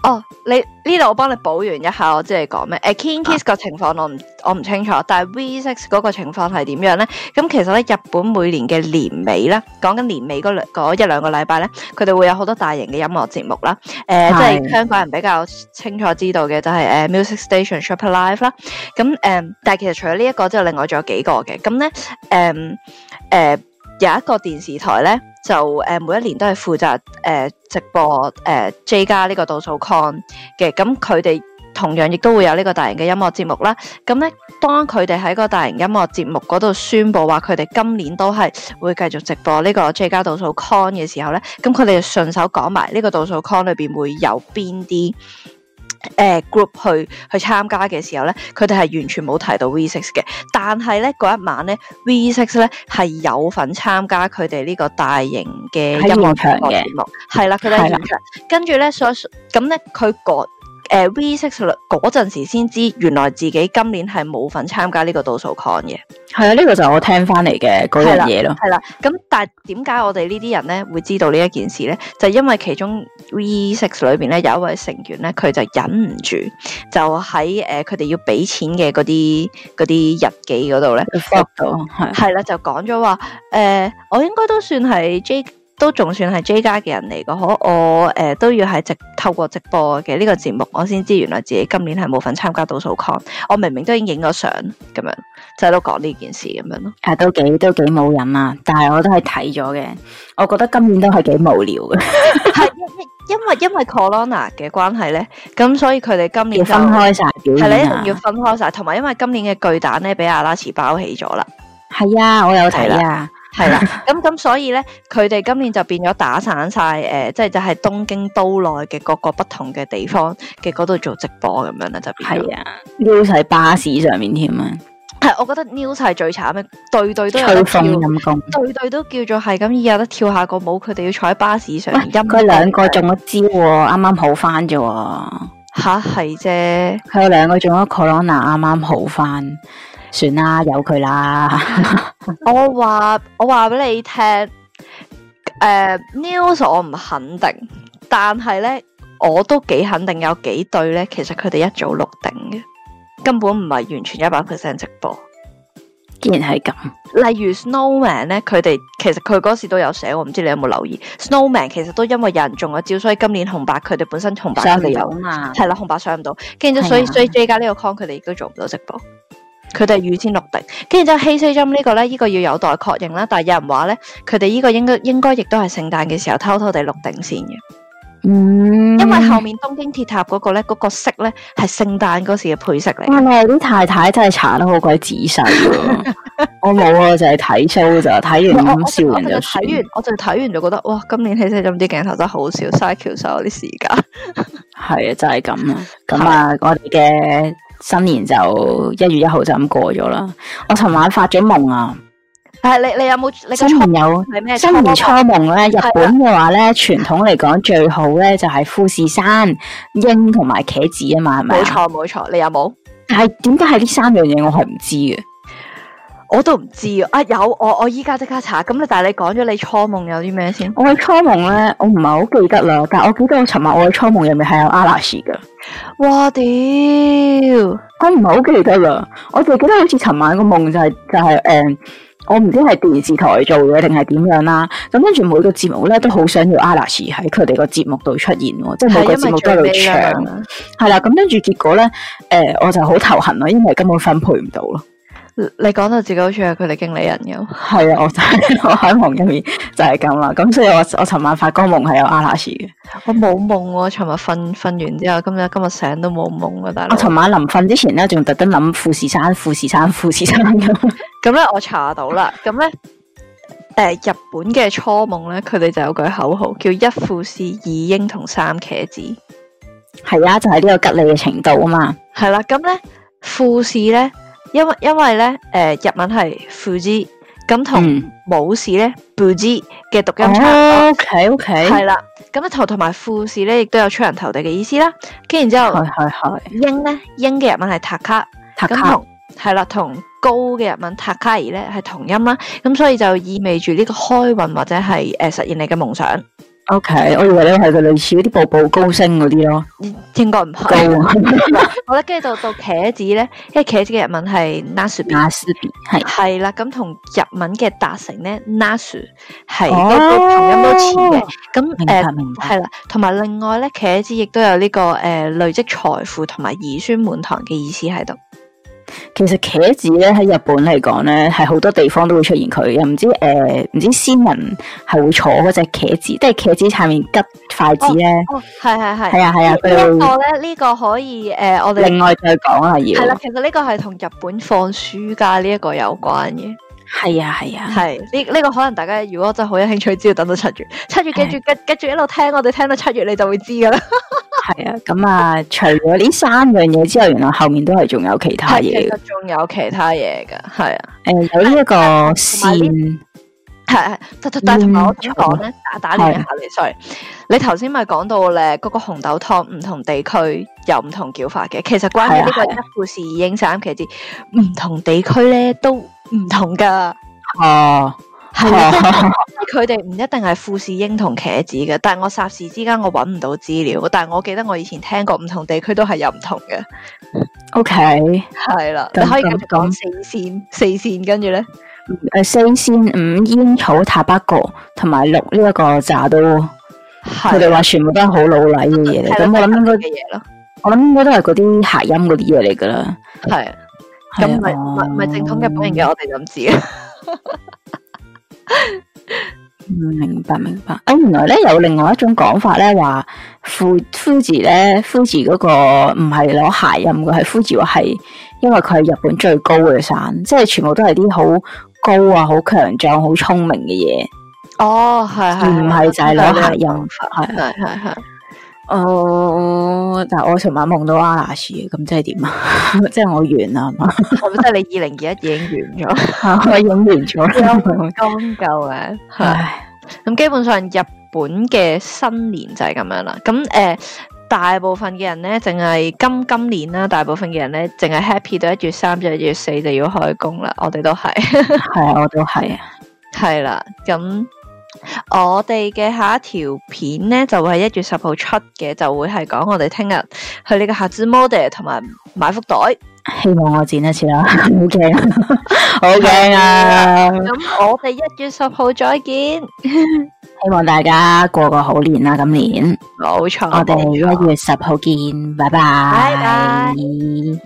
哦，oh, 你呢度我幫你補完一下，我知你講咩。誒、uh，King Kiss 個情況我唔我唔清楚，但係 V6 嗰個情況係點樣咧？咁其實咧，日本每年嘅年尾啦，講緊年尾嗰兩一兩個禮拜咧，佢哋會有好多大型嘅音樂節目啦。誒、uh, 是，即係香港人比較清楚知道嘅就係、是、誒、uh, Music Station Super Live 啦。咁誒，um, 但係其實除咗呢一個之後，另外仲有幾個嘅。咁咧，誒、um, 誒、uh, 有一個電視台咧。就誒、呃、每一年都係負責誒、呃、直播誒、呃、J 加呢個倒數 con 嘅，咁佢哋同樣亦都會有呢個大型嘅音樂節目啦。咁、嗯、咧，當佢哋喺個大型音樂節目嗰度宣佈話佢哋今年都係會繼續直播呢個 J 加倒數 con 嘅時候咧，咁佢哋就順手講埋呢個倒數 con 裏邊會有邊啲誒、呃、，group 去去參加嘅時候咧，佢哋係完全冇提到 V6 嘅，但係咧嗰一晚咧，V6 咧係有份參加佢哋呢個大型嘅音樂節目，係啦的，佢哋演出，的跟住咧，所以咁咧佢個。誒、呃、V six 率嗰陣時先知，原來自己今年係冇份參加呢個倒數 con 嘅。係啊，呢個就我聽翻嚟嘅嗰樣嘢咯。係 (noise) 啦，咁但係點解我哋呢啲人咧會知道呢一件事咧？就係、因為其中 V six 裏邊咧有一位成員咧，佢就忍唔住，就喺誒佢哋要俾錢嘅嗰啲嗰啲日記嗰度咧，係啦 (noise) 就，就講咗話誒，我應該都算係即。都仲算係 J 家嘅人嚟噶，可我誒、呃、都要係直透過直播嘅呢個節目，我先知原來自己今年係冇份參加倒數 Con。我明明都已經影咗相咁樣，就係都講呢件事咁樣咯。係都幾都幾冇癮啊！但係我都係睇咗嘅，我覺得今年都係幾無聊嘅。係 (laughs) 因 (laughs) 因為因為,為 Corona 嘅關係咧，咁所以佢哋今年要分開晒、啊，係啦，一定要分開曬。同埋因為今年嘅巨蛋咧，俾阿拉茨包起咗啦。係啊，我有睇啊。係啦，咁咁、啊、所以咧，佢哋今年就變咗打散晒，誒、呃，即係就喺、是、東京都內嘅各個不同嘅地方嘅嗰度做直播咁樣啦，就係啊，NEWS 巴士上面添啊，係，我覺得 NEWS 最慘嘅，對對都有吹風陰功，對對都叫做係咁，有得跳下個舞，佢哋要坐喺巴士上面，佢兩哇樂個中咗招、哦，啱啱好翻啫、哦，吓係啫，佢有兩個中咗 Corona，啱啱好翻。算啦，由佢啦。我話我話俾你聽，誒、呃、，news 我唔肯定，但係咧，我都幾肯定有幾對咧。其實佢哋一早錄定嘅，根本唔係完全一百 percent 直播。既然係咁，例如 Snowman 咧，佢哋其實佢嗰時都有寫，我唔知你有冇留意。Snowman 其實都因為有人中咗招，所以今年紅白佢哋本身紅白上唔到嘛，係、啊、啦，紅白上唔到，跟住所以、啊、所以追加呢個 con 佢哋亦都做唔到直播。佢哋預先錄定，跟住就《Hey Say JUMP》呢個咧，呢個要有待確認啦。但係有人話咧，佢哋呢個應該應該亦都係聖誕嘅時候偷偷地錄定先嘅。嗯，um, 因為後面東京鐵，鐵塔嗰個咧，嗰、那個色咧係聖誕嗰時嘅配色嚟。哇，你啲太太真係查得好鬼仔細、 (laughs) (laughs) oh。我冇啊，就係睇 show 咋，睇完笑完睇完，我就睇完就覺得哇，今年《Hey Say JUMP》啲鏡頭真係好少，嘥橋晒我啲時間。係啊，就係咁啊。咁啊，剛剛我哋嘅。新年就一月一號就咁過咗啦。我尋晚發咗夢啊，係你你有冇？新年有係咩？新年初夢咧，日本嘅話咧，傳統嚟講最好咧就係富士山、櫻同埋茄子啊嘛，係咪？冇錯冇錯，你有冇？係點解係呢三樣嘢？我係唔知嘅。我都唔知啊！啊有我我依家即刻查咁，但係你講咗你初夢有啲咩先？我嘅初夢咧，我唔係好記得啦，但係我記得我尋晚我嘅初夢入面係有阿拉士噶。哇屌、啊！我唔係好記得啦，我就記得好似尋晚個夢就係、是、就係、是、誒、呃，我唔知係電視台做嘅定係點樣啦。咁跟住每個節目咧都好想要阿拉士喺佢哋個節目度出現，即係每個節目都喺度搶。係啦，咁跟住結果咧，誒、呃，我就好頭痕咯，因為根本分配唔到咯。你講到自己好似係佢哋經理人咁，係啊，我、就係、我喺夢入面就係咁啦。咁所以我我尋晚發個夢係有阿拉斯嘅，我冇夢，我尋日瞓瞓完之後今日今日醒都冇夢啊，但我尋晚臨瞓之前咧仲特登諗富士山富士山富士山咁，咁咧 (laughs) 我查到啦，咁咧誒，日本嘅初夢咧佢哋就有句口號叫一富士二鷹同三茄子，係啊就係、是、呢個吉利嘅程度啊嘛。係啦，咁咧富士咧。因，因為因為咧，誒、呃，日文係富士，咁同無事咧，富士嘅讀音差唔多，係啦。咁啊同同埋富士咧，亦都有出人頭地嘅意思啦。跟然之後，嘿嘿嘿鷹咧，鷹嘅日文係塔卡，咁同係啦，同 Taka. 高嘅日文塔卡爾咧係同音啦。咁所以就意味住呢個開運或者係誒、呃、實現你嘅夢想。O、okay, K，我以為咧係個類似嗰啲步步高升嗰啲咯，應該唔怕。好啦，跟住就到茄子咧，因為茄子嘅日文係 nasubi，係係啦，咁同日文嘅達成咧 nasu 係嗰個拼音都似嘅，咁誒係啦，同埋另外咧茄子亦都有呢、這個誒、呃、累積財富同埋兒孫滿堂嘅意思喺度。其實茄子咧喺日本嚟講咧，係好多地方都會出現佢嘅。唔知誒，唔、呃、知先人係會坐嗰隻茄子，即係茄子下面吉筷子咧。係係係。係啊係啊。呢一個咧，呢、這個可以誒、呃，我哋另，另外再講下，要係啦，其實呢個係同日本放暑假呢一個有關嘅。係啊係啊。係呢呢個可能大家如果真係好有興趣，只要等到七月，七月記住跟跟是、啊、住，住一路聽，我哋聽到七月你就會知噶啦。係啊，咁啊，除咗呢三樣嘢之後，原來後面都係仲有其他嘢，仲有其他嘢噶，係啊，誒，有一個線，係係，但同埋我點講咧，打打亂一下你，sorry，你頭先咪講到咧，嗰個紅豆湯唔同地區有唔同叫法嘅，其實關於呢個一富士二鷹三茄子，唔同地區咧都唔同噶，哦，係。佢哋唔一定係富士英同茄子嘅，但係我霎時之間我揾唔到資料，但係我記得我以前聽過唔同地區都係有唔同嘅。O K，係啦，你可以繼續講四線，四線跟住咧，誒，四線五煙草塔巴果同埋六呢一個炸都，佢哋話全部都係好老禮嘅嘢咧。咁我諗應該嘅嘢咯，我諗應該都係嗰啲諧音嗰啲嘢嚟噶啦。係，咁咪咪咪正統嘅本型嘅我哋就唔知啦。明白，明白。啊、哦，原來咧有另外一種講法咧，話富富士咧，富士嗰個唔係攞諧音嘅，係富士話係因為佢係日本最高嘅山，即係全部都係啲好高啊、好強壯、好聰明嘅嘢。哦，係係唔係就係攞諧音，係係係。哦，但係我尋晚夢到阿拉士，咁 (laughs) 即係點啊？即係我完啦，係唉嘛？即係你二零二一已經完咗，我已經完咗，剛夠嘅。咁基本上日本嘅新年就係咁樣啦。咁、嗯、誒、呃，大部分嘅人咧，淨係今今年啦。大部分嘅人咧，淨係 happy 到一月三就一月四就要開工啦。我哋都係，係啊，我都係，係啦，咁。嗯我哋嘅下一條片呢，就會係一月十號出嘅，就會係講我哋聽日去呢個盒子 model 同埋買福袋，希望我剪一次啦。好驚，好驚啊！咁、 (laughs) 啊、 (laughs) 我哋一月十號再見，希望大家過個好年啦、啊！今年冇錯，我哋一月十號見，拜拜拜拜。